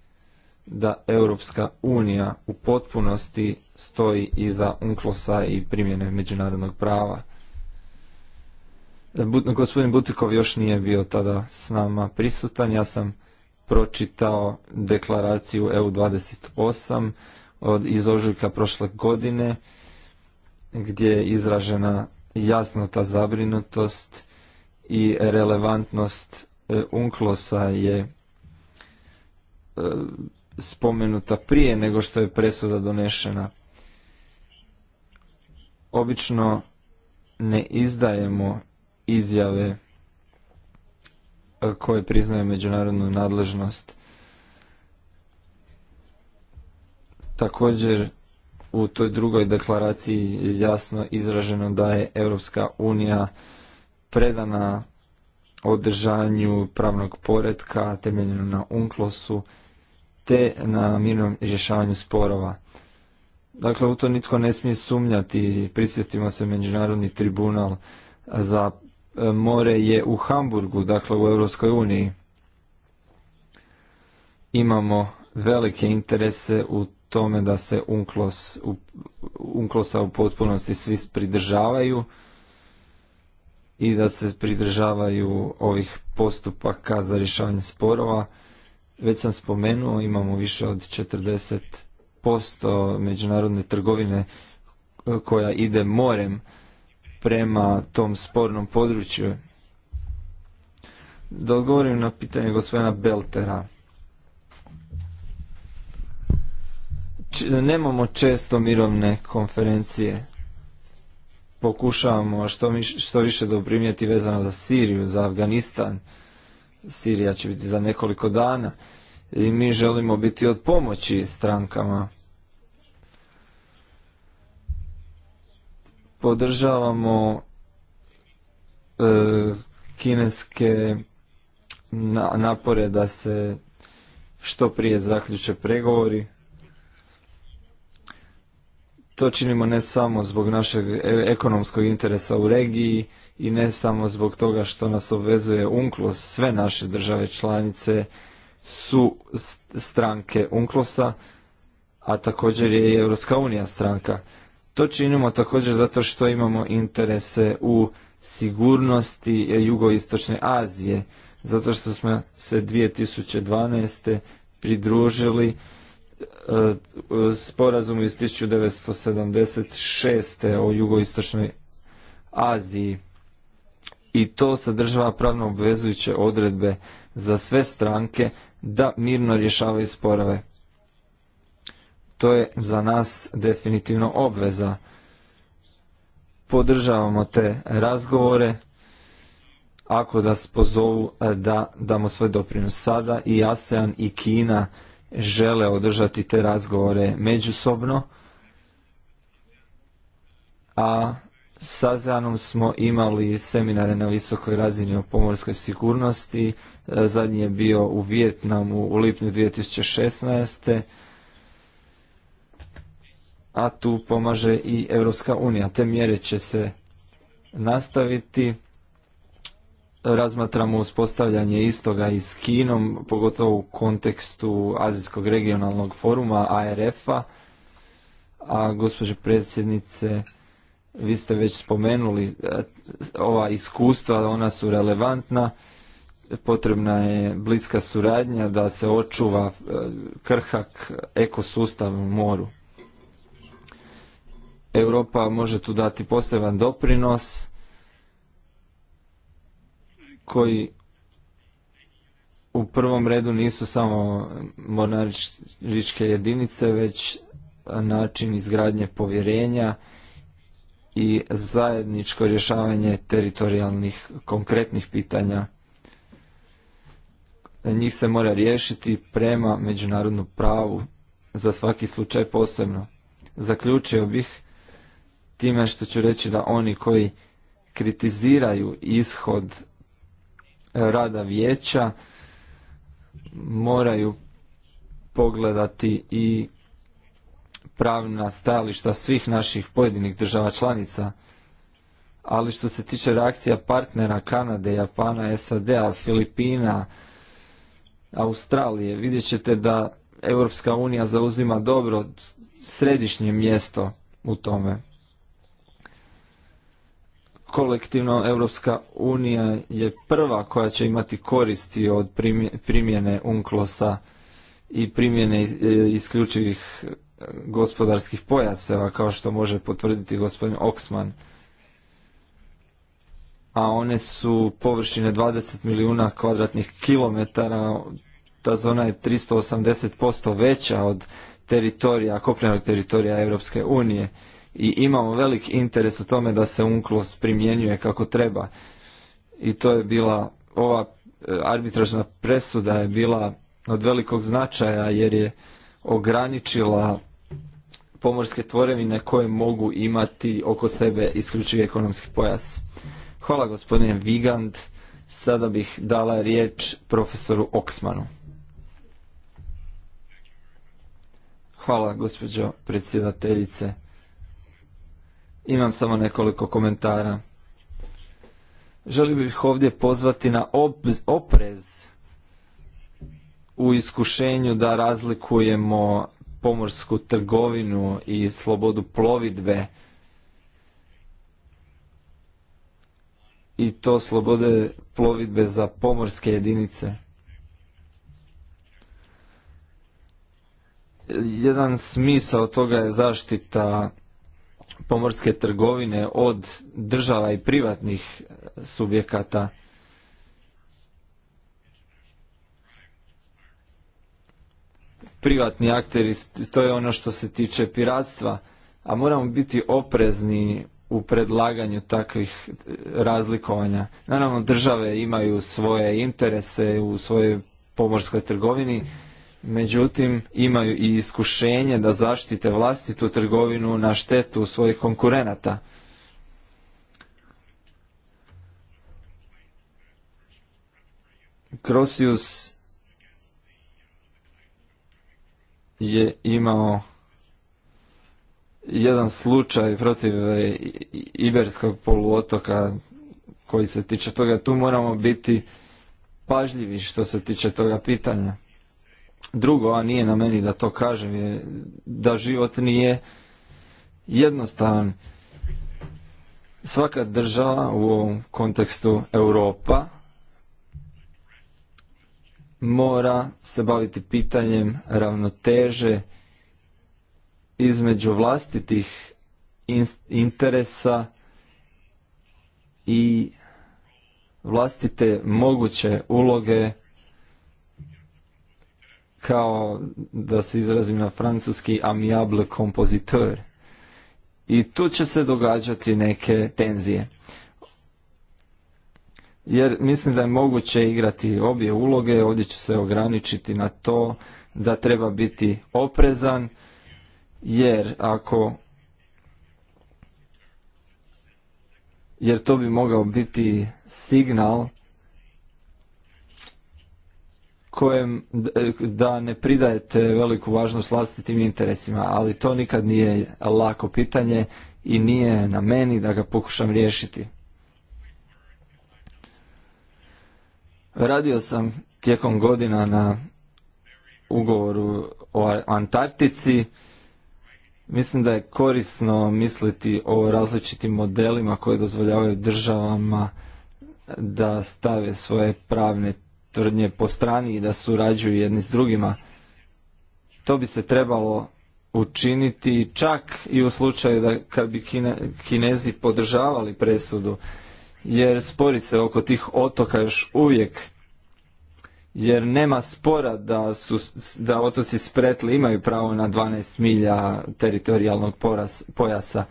da Europska unija u potpunosti stoji iza unklosa i primjene međunarodnog prava. E, gospodin Butikov još nije bio tada s nama prisutan, ja sam pročitao deklaraciju EU28 od iz ožujka prošle godine gdje je izražena jasno ta zabrinutost i relevantnost e, unklosa je e, spomenuta prije nego što je presuda donešena. Obično ne izdajemo izjave koje priznaju međunarodnu nadležnost. Također u toj drugoj deklaraciji je jasno izraženo da je Europska unija predana održanju pravnog poretka temeljeno na UNKLOSu te na mirnom rješavanju sporova. Dakle, u to nitko ne smije sumnjati. Prisjetimo se Međunarodni tribunal za e, more je u Hamburgu, dakle u Europskoj uniji. Imamo velike interese u tome da se UNCLOS, u potpunosti svi pridržavaju i da se pridržavaju ovih postupaka za rješavanje sporova već sam spomenuo, imamo više od 40% međunarodne trgovine e, koja ide morem prema tom spornom području. Da odgovorim na pitanje gospodina Beltera. nemamo često mirovne konferencije. Pokušavamo što, više doprimjeti vezano za Siriju, za Afganistan, Sirija će biti za nekoliko dana i mi želimo biti od pomoći strankama. Podržavamo e, kineske napore da se što prije zaključe pregovori. To činimo ne samo zbog našeg e, ekonomskog interesa u regiji, i ne samo zbog toga što nas obvezuje Unklos, sve naše države članice su stranke Unklosa, a a također je i Europska unija stranka. To činimo također zato što imamo interese u sigurnosti jugoistočne Azije, zato što smo se 2012. pridružili e, sporazumu iz 1976. o jugoistočnoj Aziji i to sadržava pravno obvezujuće odredbe za sve stranke da mirno rješavaju sporove. To je za nas definitivno obveza. Podržavamo te razgovore, ako da pozovu e, da damo svoj doprinos. Sada i ASEAN i Kina žele održati te razgovore međusobno, a sa Zanom smo imali seminare na visokoj razini o pomorskoj sigurnosti. E, zadnji je bio u Vijetnamu u lipnju 2016. A tu pomaže i Europska unija. Te mjere će se nastaviti. Razmatramo uspostavljanje istoga i s Kinom, pogotovo u kontekstu Azijskog regionalnog foruma ARF-a. A gospođe predsjednice, vi ste već spomenuli e, ova iskustva, ona su relevantna, potrebna je bliska suradnja da se očuva e, krhak ekosustav u moru. Europa može tu dati poseban doprinos koji u prvom redu nisu samo mornaričke jedinice, već način izgradnje povjerenja, i zajedničko rješavanje teritorijalnih konkretnih pitanja. Njih se mora riješiti prema međunarodnom pravu, za svaki slučaj posebno. Zaključio bih time što ću reći da oni koji kritiziraju ishod e, rada vijeća moraju pogledati i pravna stajališta svih naših pojedinih država članica, ali što se tiče reakcija partnera Kanade, Japana, SAD-a, Filipina, Australije, vidjet ćete da Europska unija zauzima dobro središnje mjesto u tome. Kolektivno Europska unija je prva koja će imati koristi od primjene UNCLOS-a i primjene e, isključivih gospodarskih pojaseva, kao što može potvrditi gospodin Oksman. A one su površine 20 milijuna kvadratnih kilometara, ta zona je 380% veća od teritorija, kopnenog teritorija Europske unije i imamo velik interes u tome da se unklos primjenjuje kako treba. I to je bila, ova e, arbitražna presuda je bila od velikog značaja jer je ograničila pomorske tvorevine koje mogu imati oko sebe isključivi ekonomski pojas. Hvala gospodine Vigand. Sada bih dala riječ profesoru Oksmanu. Hvala gospođo predsjedateljice. Imam samo nekoliko komentara. Želio bih ovdje pozvati na oprez u iskušenju da razlikujemo pomorsku trgovinu i slobodu plovidbe i to slobode plovidbe za pomorske jedinice. Jedan smisao toga je zaštita pomorske trgovine od država i privatnih subjekata privatni akteri, to je ono što se tiče piratstva, a moramo biti oprezni u predlaganju takvih e, razlikovanja. Naravno, države imaju svoje interese u svojoj pomorskoj trgovini, međutim imaju i iskušenje da zaštite vlastitu trgovinu na štetu svojih konkurenata. Krosius je imao jedan slučaj protiv e, Iberskog poluotoka koji se tiče toga. Tu moramo biti pažljivi što se tiče toga pitanja. Drugo, a nije na meni da to kažem, je da život nije jednostavan. Svaka država u ovom kontekstu Europa mora se baviti pitanjem ravnoteže između vlastitih interesa i vlastite moguće uloge kao da se izrazim na francuski amiable kompozitor. I tu će se događati neke tenzije jer mislim da je moguće igrati obje uloge, ovdje ću se ograničiti na to da treba biti oprezan, jer ako jer to bi mogao biti signal kojem da ne pridajete veliku važnost vlastitim interesima, ali to nikad nije lako pitanje i nije na meni da ga pokušam riješiti. Radio sam tijekom godina na ugovoru o Antarktici. Mislim da je korisno misliti o različitim modelima koje dozvoljavaju državama da stave svoje pravne tvrdnje po strani i da surađuju jedni s drugima. To bi se trebalo učiniti čak i u slučaju da kad bi Kinezi podržavali presudu jer se oko tih otoka još uvijek jer nema spora da, su, da otoci Spretli imaju pravo na 12 milja teritorijalnog poras, pojasa.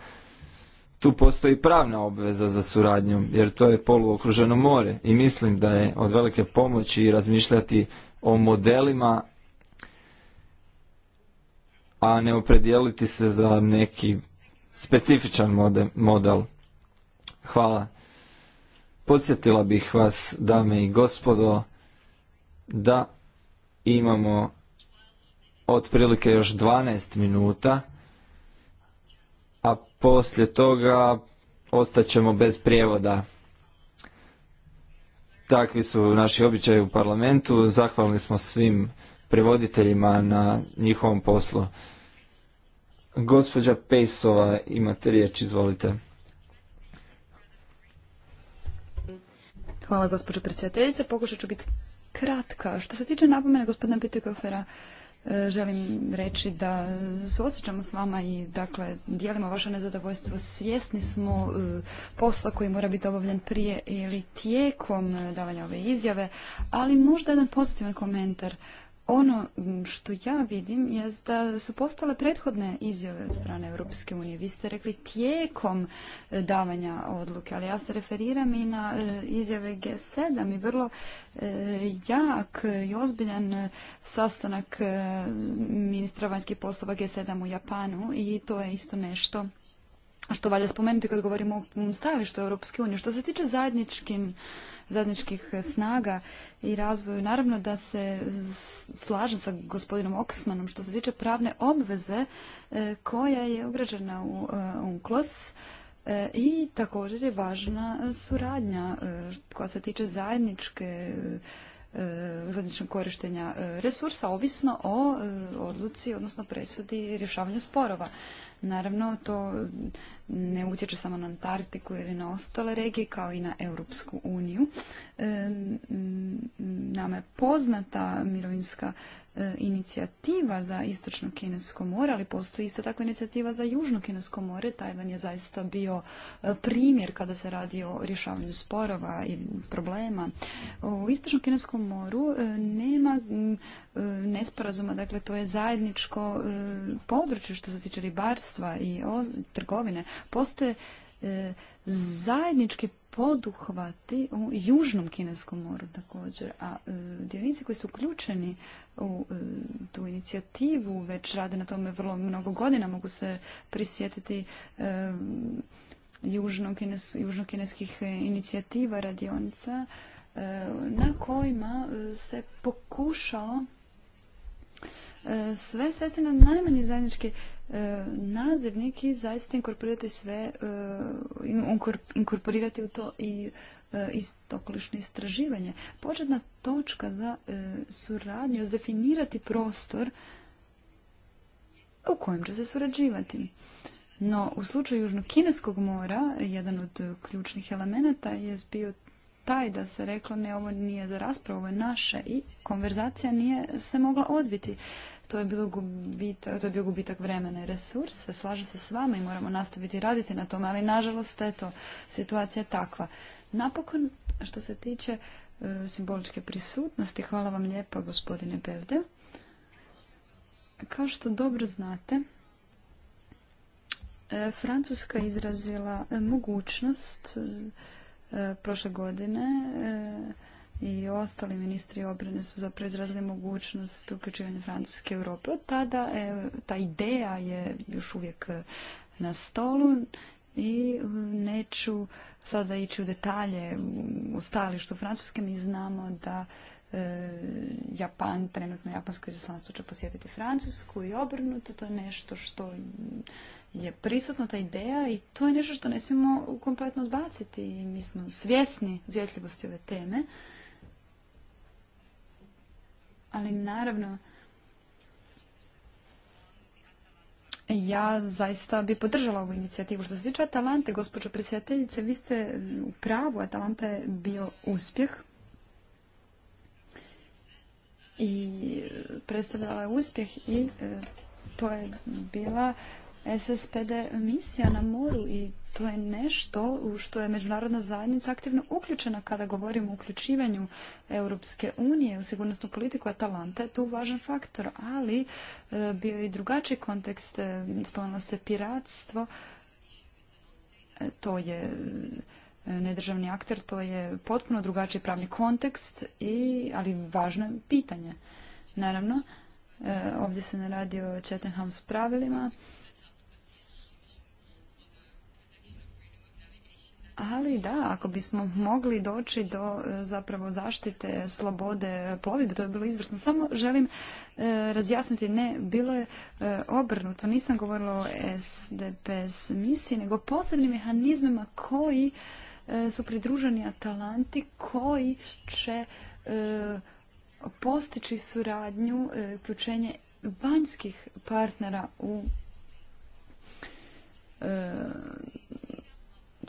Tu postoji pravna obveza za suradnju, jer to je poluokruženo more i mislim da je od velike pomoći razmišljati o modelima, a ne opredijeliti se za neki specifičan model. Hvala. Podsjetila bih vas, dame i gospodo, da imamo otprilike još 12 minuta, a poslije toga ostaćemo bez prijevoda. Takvi su naši običaji u parlamentu, zahvalni smo svim prevoditeljima na njihovom poslu. Gospođa Pejsova, imate riječ, izvolite. Hvala gospođo predsjedateljice. Pokušat ću biti kratka. Što se tiče napomene gospodina Pitekofera, e, želim reći da se osjećamo s vama i dakle dijelimo vaše nezadovoljstvo. Svjesni smo e, posla koji mora biti obavljen prije ili tijekom e, davanja ove izjave, ali možda jedan pozitivan komentar. Ono što ja vidim je da su postale prethodne izjave od strane Europske unije. Vi ste rekli tijekom e, davanja odluke, ali ja se referiram i na e, izjave G7 i vrlo e, jak i ozbiljan sastanak ministra vanjskih poslova G7 u Japanu i to je isto nešto što valja spomenuti kad govorimo o stavištu Europske unije. Što se tiče zajedničkim, zajedničkih snaga i razvoju, naravno da se slažem sa gospodinom Oksmanom što se tiče pravne obveze e, koja je ugrađena u e, UNCLOS e, i također je važna suradnja koja se tiče zajedničke zajedničkog korištenja resursa, ovisno o odluci, odnosno presudi rješavanju sporova. Naravno, to ne utječe samo na Antarktiku ili na ostale regije kao i na Europsku uniju. nama je poznata mirovinska E, inicijativa za istočno kinesko more, ali postoji isto tako inicijativa za južno kinesko more. Tajvan je zaista bio e, primjer kada se radi o rješavanju sporova i problema. U istočnom kineskom moru e, nema nesporazuma, dakle to je zajedničko područje što se tiče ribarstva i trgovine. Postoje E, zajednički poduhvati u južnom kineskom moru također, a e, koji su uključeni u e, tu inicijativu već rade na tome vrlo mnogo godina, mogu se prisjetiti e, južno-kineskih e, inicijativa radionica na kojima se pokušalo sve sve na najmanji zajednički E, naziv neki zaista inkorporirati sve, e, inkorporirati u to i e, istokolišno istraživanje. Početna točka za suradnju zdefinirati prostor u kojem će se surađivati. No, u slučaju južno Kineskog mora, jedan od ključnih elemenata je bio taj da se reklo ne ovo nije za raspravu, ovo je naše i konverzacija nije se mogla odviti. To je, bilo gubitak, to je bio gubitak vremena i resursa, slaže se s vama i moramo nastaviti raditi na tome, ali nažalost, to, situacija je takva. Napokon, što se tiče e, simboličke prisutnosti, hvala vam lijepa gospodine Belde. Kao što dobro znate, e, Francuska izrazila e, mogućnost E, prošle godine e, i ostali ministri obrane su zapravo izrazili mogućnost uključivanja Francuske Europe. Od tada e, ta ideja je još uvijek na stolu i neću sada ići u detalje u stalištu Francuske. Mi znamo da Japan, trenutno japansko izaslanstvo će posjetiti Francusku i obrnuto. To je nešto što je prisutna ta ideja i to je nešto što ne smijemo kompletno odbaciti. I mi smo svjesni uzjetljivosti ove teme, ali naravno ja zaista bi podržala ovu inicijativu. Što se tiče Atalante, gospođo predsjedateljice, vi ste u pravu. Atalanta je bio uspjeh i predstavljala je uspjeh i e, to je bila SSPD misija na moru i to je nešto u što je međunarodna zajednica aktivno uključena kada govorimo o uključivanju Europske unije u sigurnosnu politiku Atalanta je tu važan faktor, ali e, bio je i drugačiji kontekst, e, spomenulo se piratstvo, e, to je nedržavni akter, to je potpuno drugačiji pravni kontekst, i, ali važno je pitanje. Naravno, ovdje se ne radi o s pravilima, Ali da, ako bismo mogli doći do e, zapravo zaštite slobode plovidbe, to je bilo izvrsno. Samo želim e, razjasniti, ne, bilo je e, obrnuto. Nisam govorila o SDPS misiji, nego o posebnim mehanizmima koji su pridruženi Atalanti, koji će postići suradnju, uključenje vanjskih partnera u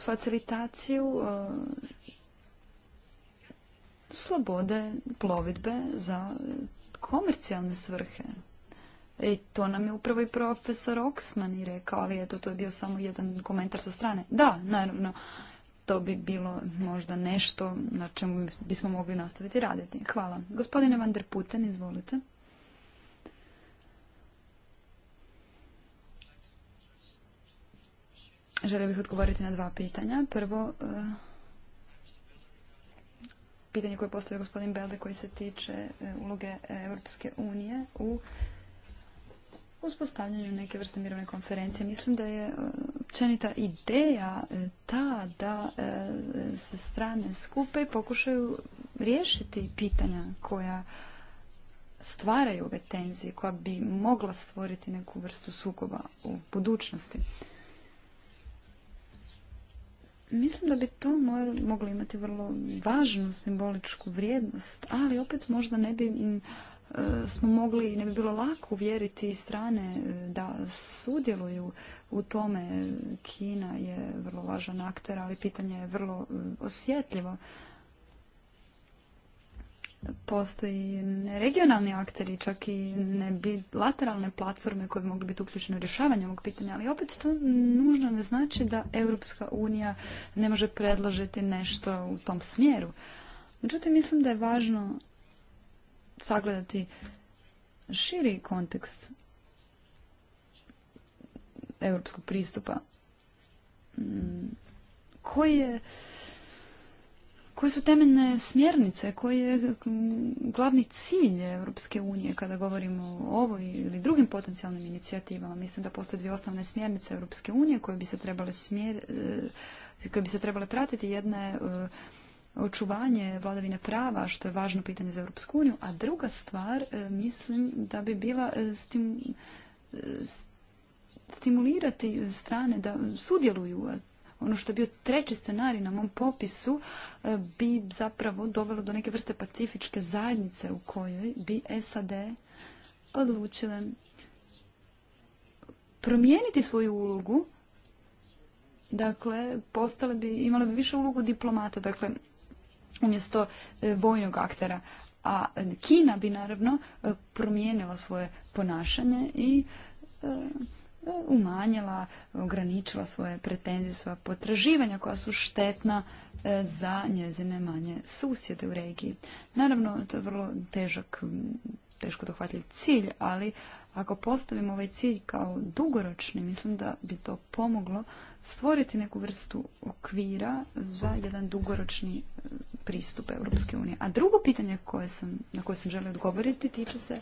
facilitaciju e, slobode plovidbe za komercijalne svrhe. I to nam je upravo i profesor Oksman i rekao, ali eto, to je bio samo jedan komentar sa strane. Da, naravno, to bi bilo možda nešto na čemu bismo mogli nastaviti raditi. Hvala. Gospodine Van der Putten, izvolite. Želio bih odgovoriti na dva pitanja. Prvo, e, pitanje koje postavio gospodin Belde koji se tiče e, uloge Europske unije u uspostavljanju neke vrste mirovne konferencije. Mislim da je e, općenita ideja ta da se strane skupe pokušaju riješiti pitanja koja stvaraju ove tenzije, koja bi mogla stvoriti neku vrstu sukoba u budućnosti. Mislim da bi to moglo imati vrlo važnu simboličku vrijednost, ali opet možda ne bi e, smo mogli, ne bi bilo lako uvjeriti strane e, da sudjeluju u tome. Kina je vrlo važan akter, ali pitanje je vrlo e, osjetljivo postoji regionalni akteri, čak i ne lateralne platforme koje bi mogu biti uključene u rješavanje ovog pitanja, ali opet to nužno ne znači da Europska unija ne može predložiti nešto u tom smjeru. Međutim, mislim da je važno sagledati širi kontekst europskog pristupa mm, koji je koje su temeljne smjernice, koji je glavni cilj Europske unije kada govorimo o ovoj ili drugim potencijalnim inicijativama? Mislim da postoje dvije osnovne smjernice Europske unije koje bi se trebale, smjer, e, koje bi se trebale pratiti. Jedna je e, očuvanje vladavine prava, što je važno pitanje za Europsku uniju, a druga stvar e, mislim da bi bila stimulirati strane da sudjeluju, ono što je bio treći scenarij na mom popisu e, bi zapravo dovelo do neke vrste pacifičke zajednice u kojoj bi SAD odlučile promijeniti svoju ulogu dakle postale bi, imale bi više ulogu diplomata, dakle umjesto e, vojnog aktera. A e, Kina bi naravno promijenila svoje ponašanje i umanjila, ograničila svoje pretenzije, svoja potraživanja koja su štetna e, za njezine manje susjede u regiji. Naravno, to je vrlo težak, teško dohvatljiv cilj, ali ako postavimo ovaj cilj kao dugoročni, mislim da bi to pomoglo stvoriti neku vrstu okvira za jedan dugoročni e, pristup Europske unije. A drugo pitanje koje sam, na koje sam želio odgovoriti tiče se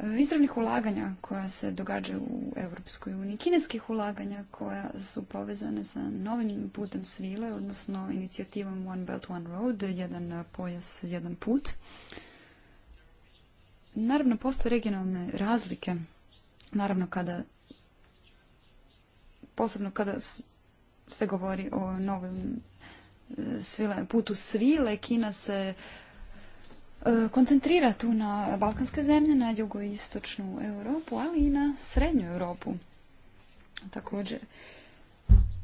Eh, izravnih ulaganja koja se događaju u Europskoj uniji, kineskih ulaganja koja su povezane sa novim putem svile, odnosno inicijativom One Belt, One Road, jedan pojas, jedan put. Naravno, postoje regionalne razlike. Naravno, kada posebno kada se govori o novim eh, putu svile, Kina se E, koncentrira tu na balkanske zemlje, na jugoistočnu Europu, ali i na srednju Europu također.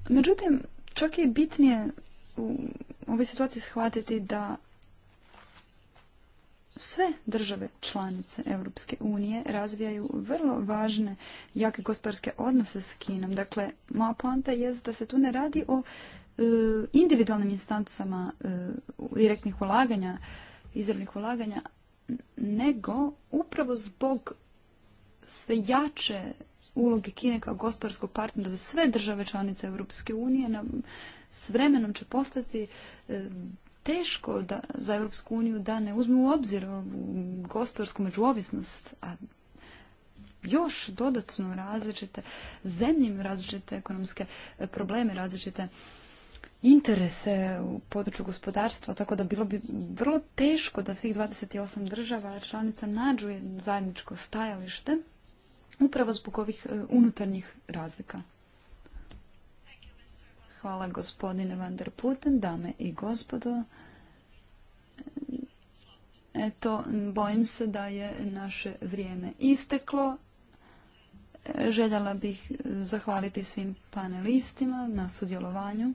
Međutim, čak je bitnije u ovoj situaciji shvatiti da sve države članice Europske unije razvijaju vrlo važne jake gospodarske odnose s Kinom. Dakle, moja poanta je da se tu ne radi o e, individualnim instancama e, direktnih ulaganja izravnih ulaganja, nego upravo zbog sve jače uloge Kine kao gospodarskog partnera za sve države članice Europske unije s vremenom će postati e, teško da, za Europsku uniju da ne uzme u obzir ovu gospodarsku međuovisnost, a još dodatno različite zemljim različite ekonomske e, probleme, različite interese u području gospodarstva, tako da bilo bi vrlo teško da svih 28 država članica nađu jedno zajedničko stajalište upravo zbog ovih e, unutarnjih razlika. Hvala gospodine Van der Putten, dame i gospodo. Eto, bojim se da je naše vrijeme isteklo. Željela bih zahvaliti svim panelistima na sudjelovanju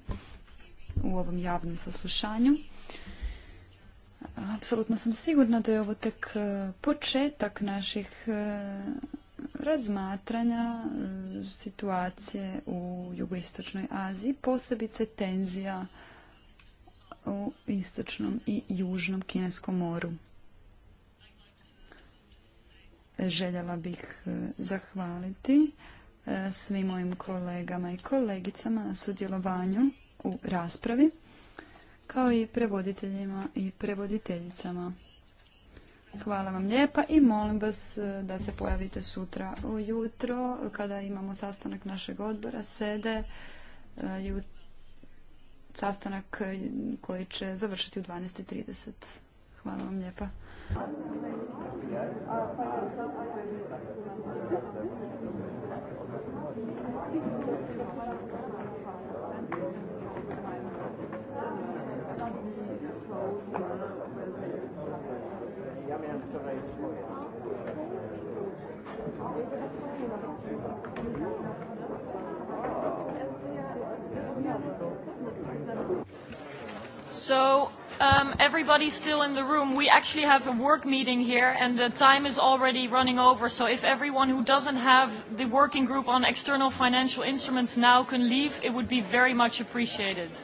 u ovom javnom saslušanju. Apsolutno sam sigurna da je ovo tek e, početak naših e, razmatranja e, situacije u jugoistočnoj Aziji, posebice tenzija u istočnom i južnom kineskom moru. Željela bih zahvaliti svim mojim kolegama i kolegicama na sudjelovanju u raspravi, kao i prevoditeljima i prevoditeljicama. Hvala vam lijepa i molim vas e, da se pojavite sutra ujutro kada imamo sastanak našeg odbora sede e, sastanak e, koji će završiti u 12:30. Hvala vam lijepa. So um, everybody's still in the room. We actually have a work meeting here, and the time is already running over. So if everyone who doesn't have the working group on external financial instruments now can leave, it would be very much appreciated.